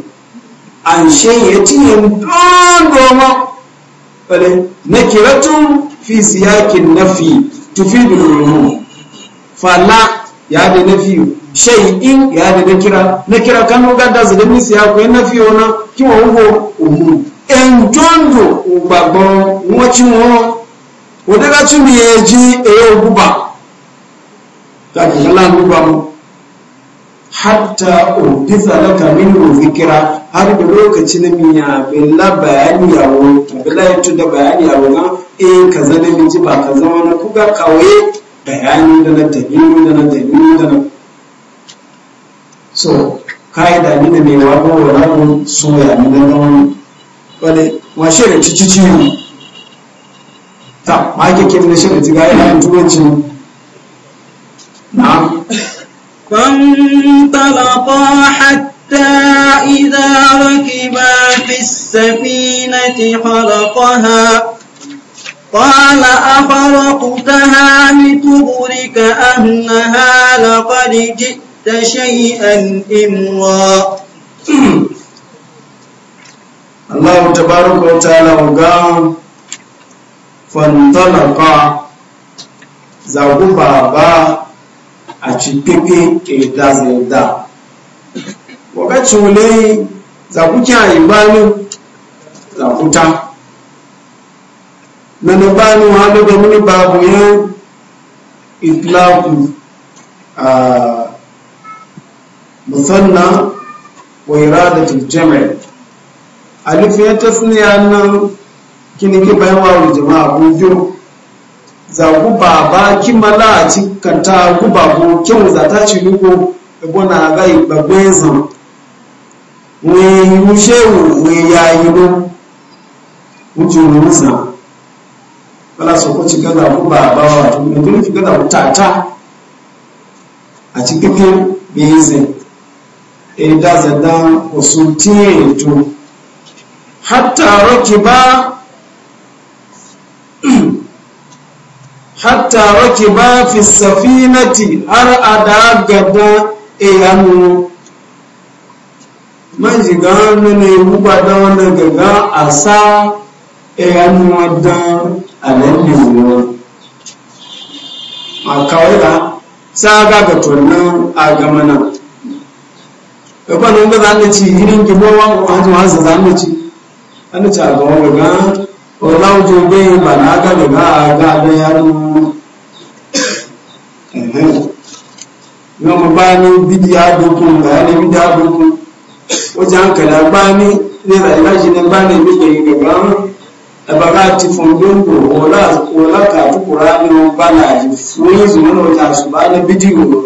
an shay ya ci ne doma fale nakiratun fi siyakin nafi tufidul umum fala ya da nafi in ya da nakira nakira kan ga da zalimi siyaku ya fi ona kiwa ugo umum en jondo ugbagbo won ci won o daga tun bi eji e ta kala ngba hatta ubiza laka min zikira har da lokacin miya billa bayani wo to billa yato da bayani yawo na eh kaza min miji ba kaza na kuga kawai bayani da na tabi da na tabi da na so kaida ni ne mai wago wala so ya ni da nan wale wa shirin cicici ta ma ake kin na shirin tiga ina turanci na. فانطلقا حتى إذا ركبا في السفينة خلقها قال أخرقتها لتغرك أهلها لقد جئت شيئا إمرا الله تبارك وتعالى وقال فانطلقا زوجوا àti pépé kèrèdá zèrèdá wọ́kẹ́tì wọlé zàkútì àyíbáni zàkúta nanabani wọn adọ́dọ̀ múlẹ̀ báàbù yẹn ìtìláàbù musanna wa iradatul jami'a alifiyar tasniya nan kini ke bayan wa jama'a ko biyu za guba ba kimala a cikanta guba ko kyau za ta ci niko ebona ga igbagbe zan we yushe we ya yi no uju musa wala so ko ci gaza ku ba wa to ne dole ci gaza tata a cikin beze e da zadan usulti to hatta rakiba hatta rake ba fi safinati har a da gaba e hannu man shiga hannu ne buba da wannan gaga a sa e hannu wadda a nan yiwuwa a kawai da sa ga ga tunan a gama nan ɗaukwa nan ga zanen ci hirin gibowa a hajji wasu zanen ci an ci a gama gaga ọlọ́run tó gbé ìbàlá gàdùgà àga abẹ́yárú ní ọmọ bá ní bídí àdókùn làá ní bídí àdókùn ó jẹ́ àǹkàlà bá ní rírà ìlàjì ní bá ní ìgbéga ìgbàgbà mú ẹ̀bàbá ti fún gbòǹgbò ọlọ́kà àtúkùrá ní wọn bá láàyè fún yíṣù nínú ọjà àṣùbá ní bídí ìwòrán.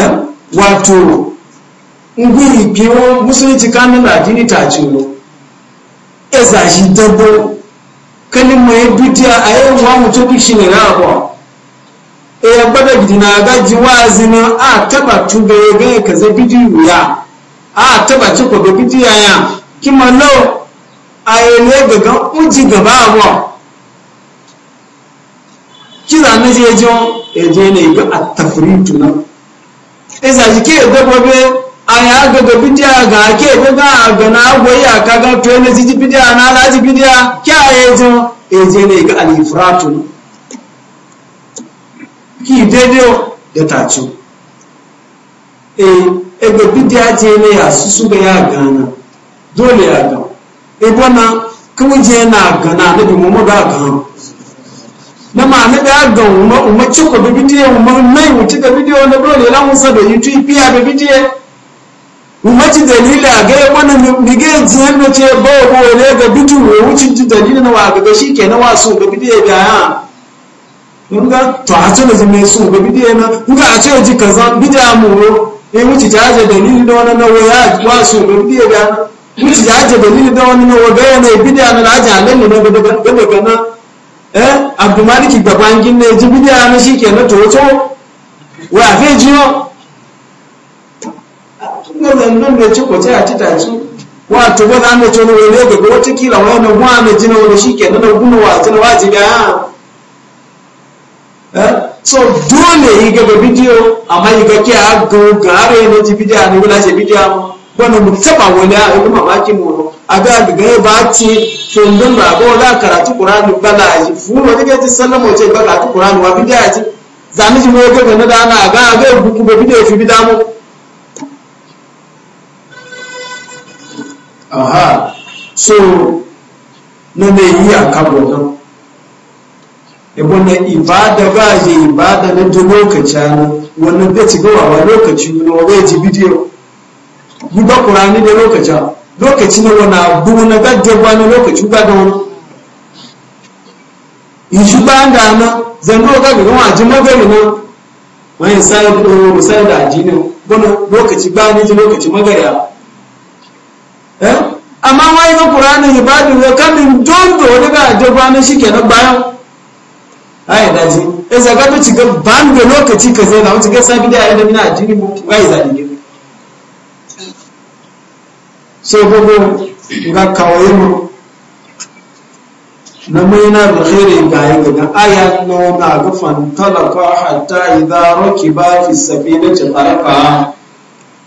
ẹ̀rọ wá tó nguri biyo musulunci kanin rajini ta julo e zashi dabo kalin ya bidiya a yi wa mutum duk shi ne na abuwa e ya bada gidina gaji wazi na a taba tuga ya gaya ka zai bidiyo ya a taba ci ko ga bidiya ya kima lo a yi ne gaga uji gaba abuwa kira na je jon e je ne ga a tafritu na e zashi ke dabbobe aya ga bidiya ga ake a ga na goya kaga to ne jiji bidiya na laji bidiya kya ejo eje ne ga alifratu ki dedo da tacu eh e ga bidiya je ne ya susu ga ya gana dole ya ga e bona kuma je na gana da bi mu ga ga na maame da aga umma umma ko bibidiye umma mai wuti ga bidiyo na dole lan musa da yutu ipiya bibidiye mace dalila ga ya wani mige jiyar da ce ba wa kowane ga bitu ya wuce e, e, e, ji dalilin wa ga shi ke na wasu ga bidiyo ga ya in ga to a ce da zai su ga bidiyo na in ga a ce ji kaza bidiyo mu ya wuce ta aje dalilin da wani nawa ya wasu ga bidiyo ga wuce ta aje dalilin da wani nawa ga yana bidiyo na da aje halalli na ga daga na eh abdulmaliki gaban gin ne ji bidiyo na shi ke na to wato wa a fe jiyo ko zan da ci ko a ci ta ci wato ba za mu ci wani wani daga wata kila wani wani jina wani shi ke nan gunu wa jina wa ji ga eh? so dole yi gaba bidiyo amma yi ga ke a gare ne ji bidiyo ne wula ce bidiyo wani mu taba wani a yi mamakin mu a ga daga ya ba ce tundun ba ga wani karatu kurani bala a ji furu wani ga ji sallama wace ba karatu kurani wa bidiyo a ji zanen ji mu ya gaba na da ana ga ga buku ba bidiyo fi bidiyo mu aha so na ne yi a kabo nan yabo na ibada ba yi ibada na da lokaci ne wani bai ci gawa lokaci wa wani ji bidiyo guda kurani da lokaci lokaci ne wani abu na ba na lokaci ba da wani yi shi ba da na zando ga ga gama ji magari na wani sai da ajiyar wani lokaci ba ni ji lokaci a Eh? amma wai ga qur'ani ibadu ya kamin dondo daga jaba na shike na bayan ai daji ya eh, zaga ta ci gaba banga lokaci ka zai na wata gasa gida da yadda mina ajini mu wai zani gini so gogo ga kawai mu na maina da khere ga yi ga aya no na ga fan talaka hatta idza ba fi safinati talaka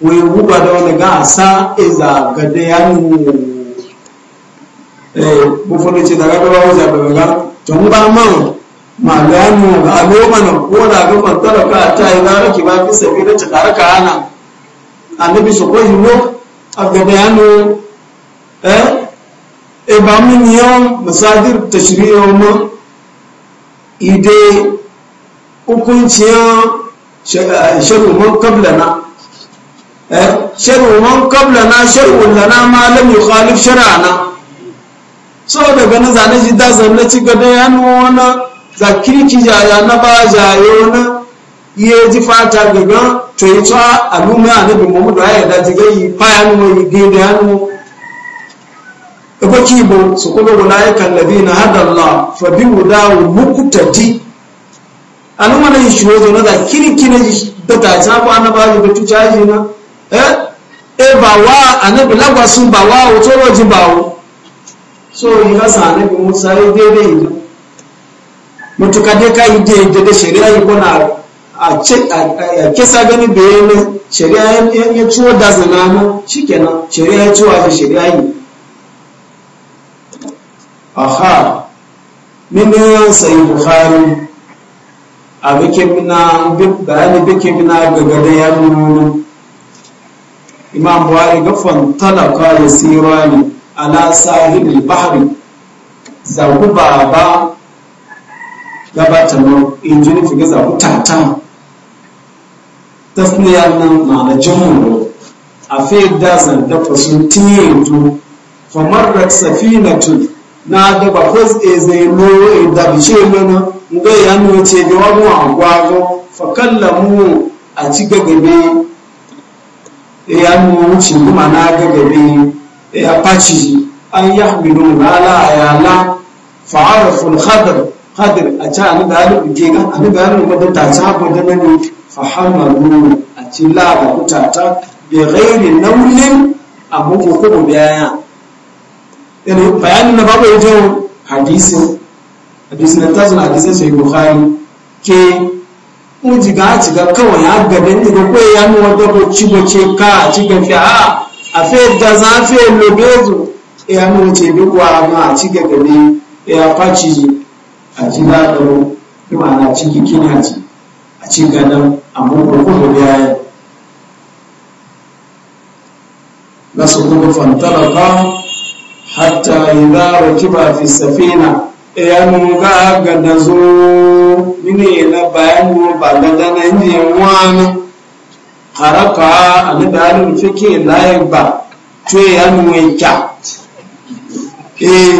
wai guba da wani gasa iza gada ya nuwo eh bufulu ce da gaba wajen da ga tun ba man ma ga ya nuwo ga aloma na ko ga kwantara ka a ta yi zara ki ba fi bi da cikar ka ana annabi su ko yi nok a gada ya nuwo eh e ba min yawan masadir tashri'o ma ide hukunciyar sharuman kablana Eh, shar'u man qablana shar'un lana ma lam yukhalif shar'ana so daga na zane ji da zanne ci gada ya nuna wani zakirki jaya na ba jayo na iye ji fata gaga to yi tsa alumma annabi muhammadu ya yarda ji gai fa ya nuna yi gaida ya nuna baki bo su kuma ulaikan ladina hada Allah fa bi hudahu muqtadi alumma ne shi wazo na da na yi da ta ta ba na ba da tucaji na e ba wa annabi lagwa ba wa wato rojin ba wa so yi rasa annabi musa ya daidai yi mutuka dai ka yi daidai da shari'a yi kuna a kisa gani bayanin shari'a ya ciwo da zanamu shi kenan shari'a ya ciwo a shari'a yi aha mini sai bukhari a bikin na bayani bikin na gagada ya nuna imam buhari ga fantalaka ya sira ne ala al bahri zaku baba gabata na injini za zaku tata tasniyar nan na da jimuro a da zanta fasun tiye to famarrak safinatu na e e da ba kwatsa zai lowe da bice mana ga ya nuna ce da wani agwago fakallamu a ci gagabe ya nuna wuce kuma na gagabe ya faci an ya hudu lala a yala fa'arafun hadar hadar a ci a nuga hannun ke ga a nuga hannun kuma ta ci hafa da nani nuna a ci laba ta bi ghairi naunin abu ko kuma yana bayanin na babu ita hadisin hadisin na tazun hadisin sai bukhari ke uji ga ci ga kawai ya gadan ni ga kwaye ya nuwa da ko ci ba ce ka ci ga fi a a fe da za fe lobezu e ya nuwa ce bi kwa ma a ci e ga gani ya faci a ci da dawo kuma na ciki kina ci a ci ga nan a ko ko da ya su kuma fantara ba hatta idza rakiba fi safina eyanu ka gada zo mini ila bayanu ba gada na inji wani haraka ani da alin fike laye ba to eyanu mai kya eh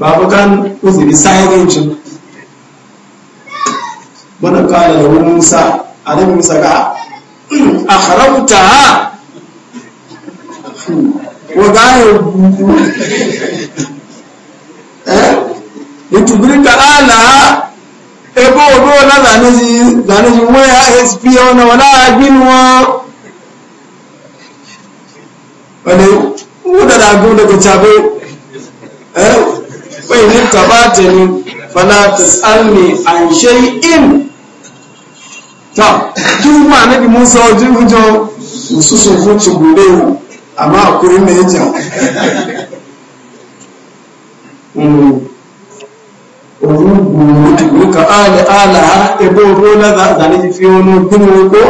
babu kan uzuri sayancin wani kala da wani musa a musa ga <coughs> a haramta wagaye gugu litubirika <laughs> eh? ala ebo odola zanazi wea sp ona wala ajinwa wale wuda da agun daga cabe bai mutta ba ta ni fala tasalni an shay'in ta kin ma nabi musa wajen hujjo musu sun hutu gudewa amma a kurin da ya ja ka ala ala ha ebo na za a ji fi wani gudun ko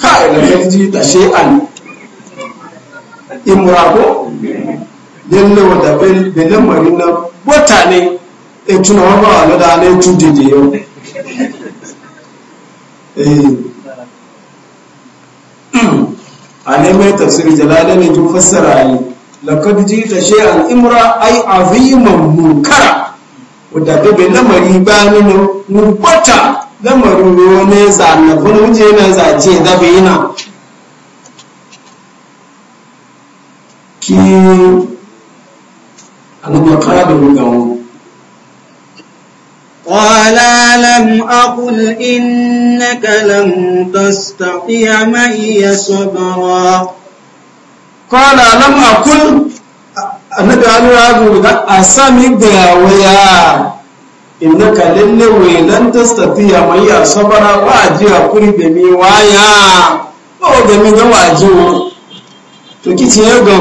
ka ilakar ji ta she'an imura ko yalle wadda belin mari na wata ne e tuna wani da tun yau a ne mai tafsiri jalada ne tun fassara yi lakad ji ta shi al'imra ai aziman munkara wadda bai lamari ba nuna mubata lamari ruwa ne za na wuce yana zace zafi yana ki annabi da mu قالا لم أقل إنك لم تستطيع معي صبرا قال لم أقل annabi ali rabu ga a sami ga waya inda ka lalle wailan ta statiya mai ya sabara wa ajiya kuri da mi waya ba da mi ga wajo to kici ya ga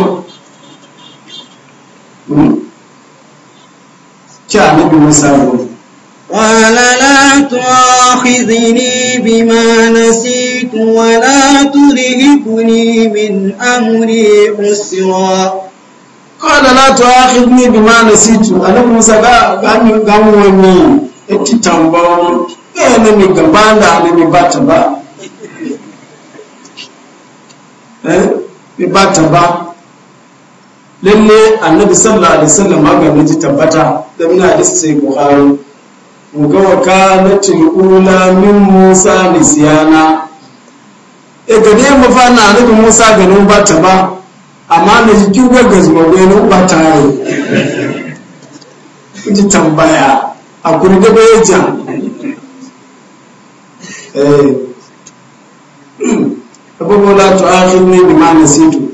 ki annabi musa ne قال لا تؤاخذني بما نسيت ولا ترهقني من أمري عسرا قال لا تؤاخذني بما نسيت أنا موسى قام ومي اتتنبون أنا مقبانا أنا مباتبا مباتبا lalle النبي صلى الله عليه وسلم ne tabbata da muna hadisi sai bukhari ga wakalatin ula min musa nisiyana e gane ya fa na nabi musa ganin ba ba amma na ji kyuga gazma ganin ba ta ne ji tambaya a kurga bai jan e, abubuwa la ne ni bima nasitu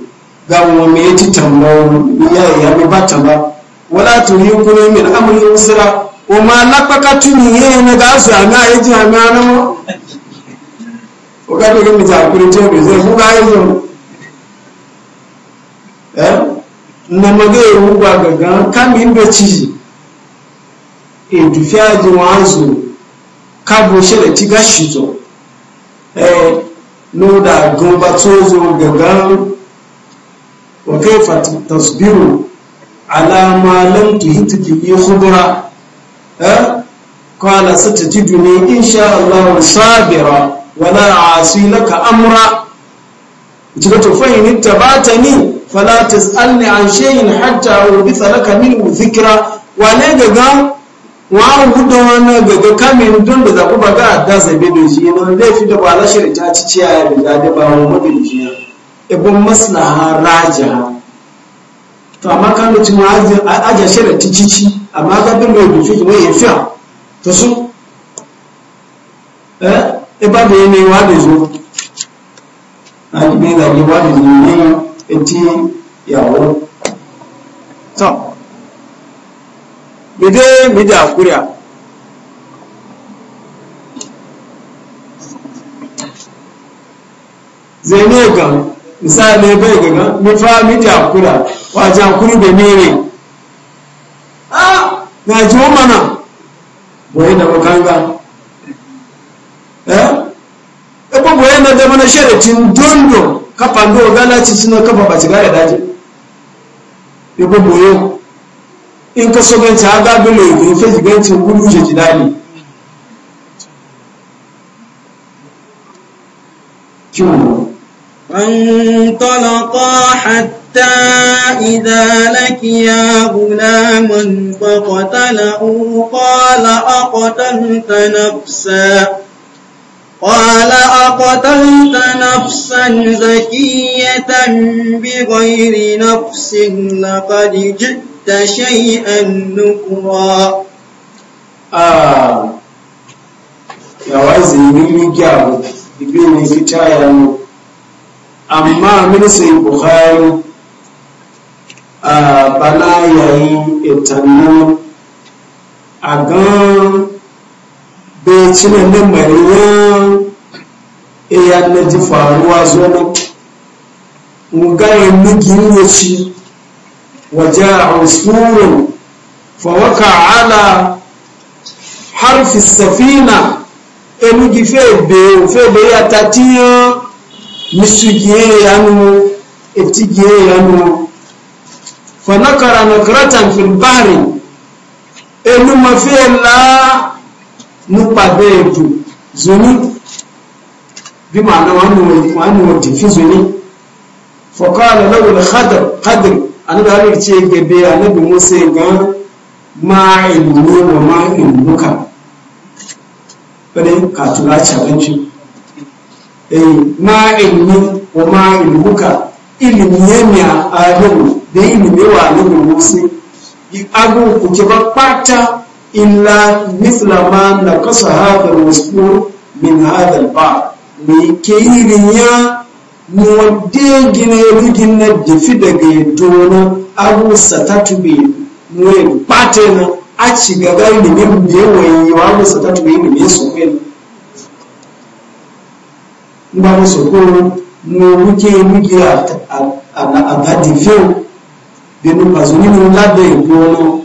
ga mu me yi tambawo ya ya mi ba ta ba wala tuhiquni min amri usra wọ́n alápákátú na ní gáàsù àmì àyíjì àmì anáwọ́ ọgá gbogbo Ọ ga àkúrẹ́ tí ó bèèrè ṣe fún káyọ̀ ẹ́ nnọmọdé ewu gba gàgán kámi ń bẹ chiji èdùfẹ́ àjẹ wọn azù káàbọ̀ ṣẹlẹ̀ tí gáàsù tọ̀ ẹ́ ló kwana eh? sata tituni insha Allah sabira wala asi laka amra ita ta fahimi tabata ni fala tasalni an shay'in hatta ubitha laka min dhikra wale daga wa gudu wana daga kamin don da zaku ba ga da sai bi don shi ne da fi da wala shirin ta ci ciya ya da ba mu mabin jiya ibn maslaha rajah to amma ka lo ti mo aja shere ti amma ka bi lo bi fi mo ye a to su eh ba de ni wa de zo a ji be da wa de ni ni e ti ya to mi de mi zai ne ga misali bai ga mi fa mi da wajen kuri da mere a na ji mana boye da makanga eh ebe boye na da mana sharatin dondo kafa ndo galaci suna kafa ba cigara ebe boye in ka so ganci ha gabi loyi in gudu ji حتى حتى إذا لكيا غلاما فقتله قال أقتلت نفسا قال أقتلت نفسا زكية بغير نفس لقد جئت شيئا نكرا آه يا وزي ميمي جابت بيني في تايا amma min sai bukhari a ah, bala yayin itannu a gan bai cina na mariyan iya e na ji faruwa zuwa mugayen mugin yaci waje a usurin fawaka ala harfi safina emugi febe febe ya tatiyan misugiye yanu etigiye yanu fa nakara nakratan fil bahri enu ma fi la nu pade ju bi ma na wa nu wa nu ti fi zuni fa qala lahu al khadr da ri ce gebe annabi musa ma ilmu wa ma ilmuka bane ka ma wa ma deyin ni wa ni mu si bi agu ku ke ba pata illa mithla ma na kasa hada al min hada al-ba' ni keyi nya mu de gine yi gine de fi de ge tono agu satatu bi mu e pata na a ci gaga ni mi mu de wa yi wa agu satatu bi ni mi so ke ba mu so ko nínú pàṣẹ nínú lábẹ́ ìlú ọ̀nà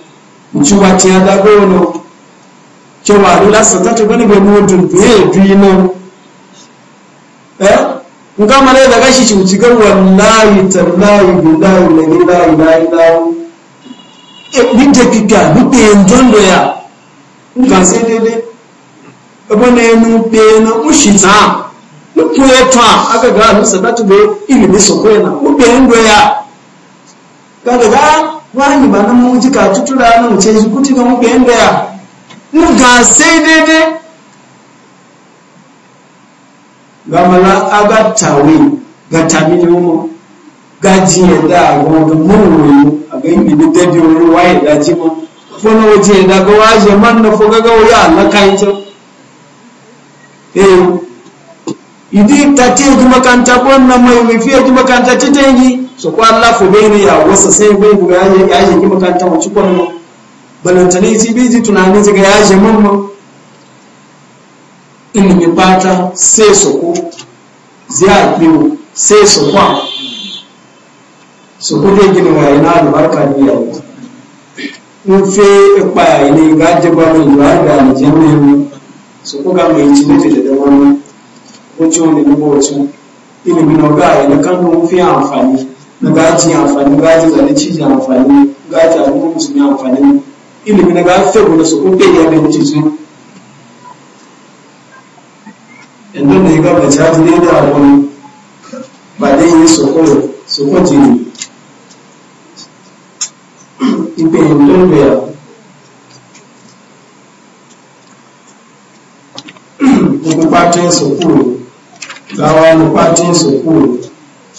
ìjọba tí a dágbé ọ̀nà kí wà ní lásán tó ti gbọ́ níbẹ̀ ní odò bí èdè iná ẹ́ nǹkan máa lẹ́yìn dàgbà ṣìṣì òtí gẹ́ wọ̀ láàyè tẹ̀lé láàyè bò láàyè lẹ́yìn láàyè láàyè láàyè níjẹ́ kíkà nípe ìjọ́ndọ̀ yà nǹkan sí dédé ẹgbọ́n náà ẹnu pé ẹnu ó ṣì tàn ó pín ẹ̀tọ́ à ágàgà ìlú mi sọ̀kọ́ ẹ̀ náà ó ń yà. kaga wani ba na mu ji ka tutura nan ce shi kuti ga muke yanda ya mu ga sai daidai ga mala agatawe ga tamini mu ga jiye da go ga murwoyi a ga yin bi dabi wani waye da ji mu ko na waje da ga waje man na ko ga ga wuri Allah kai ce eh idi ta ce ji makanta ko na mai wifi ji makanta ce ta so ko Allah fu bai ne ya wasa sai bai bu ya yi ya yi makaranta mu ci kwallo balantane ji bi ji tunani ji ga ya je mun in mi pata sai so ko ziya biyu sai so kwa so ko dai gina wa ina albarka ni ya wuce in fe ipa ile ga je ba mu ya ga ni je mu so ko ga mai ci ne da wani ko ci wani ne ko ci ilimi na ga ina kan mu fi amfani na gajin amfani gaji zane cijin amfani gaji abubuwan musulmi amfani ilimi na gaji fego na su kun ɗaya mai wuce su yanzu da ya gaba caji ne da abuwan ba dai yi sokoro sokon jini ibe yanzu ya Nukupate sokoro, gawa nukupate sokoro.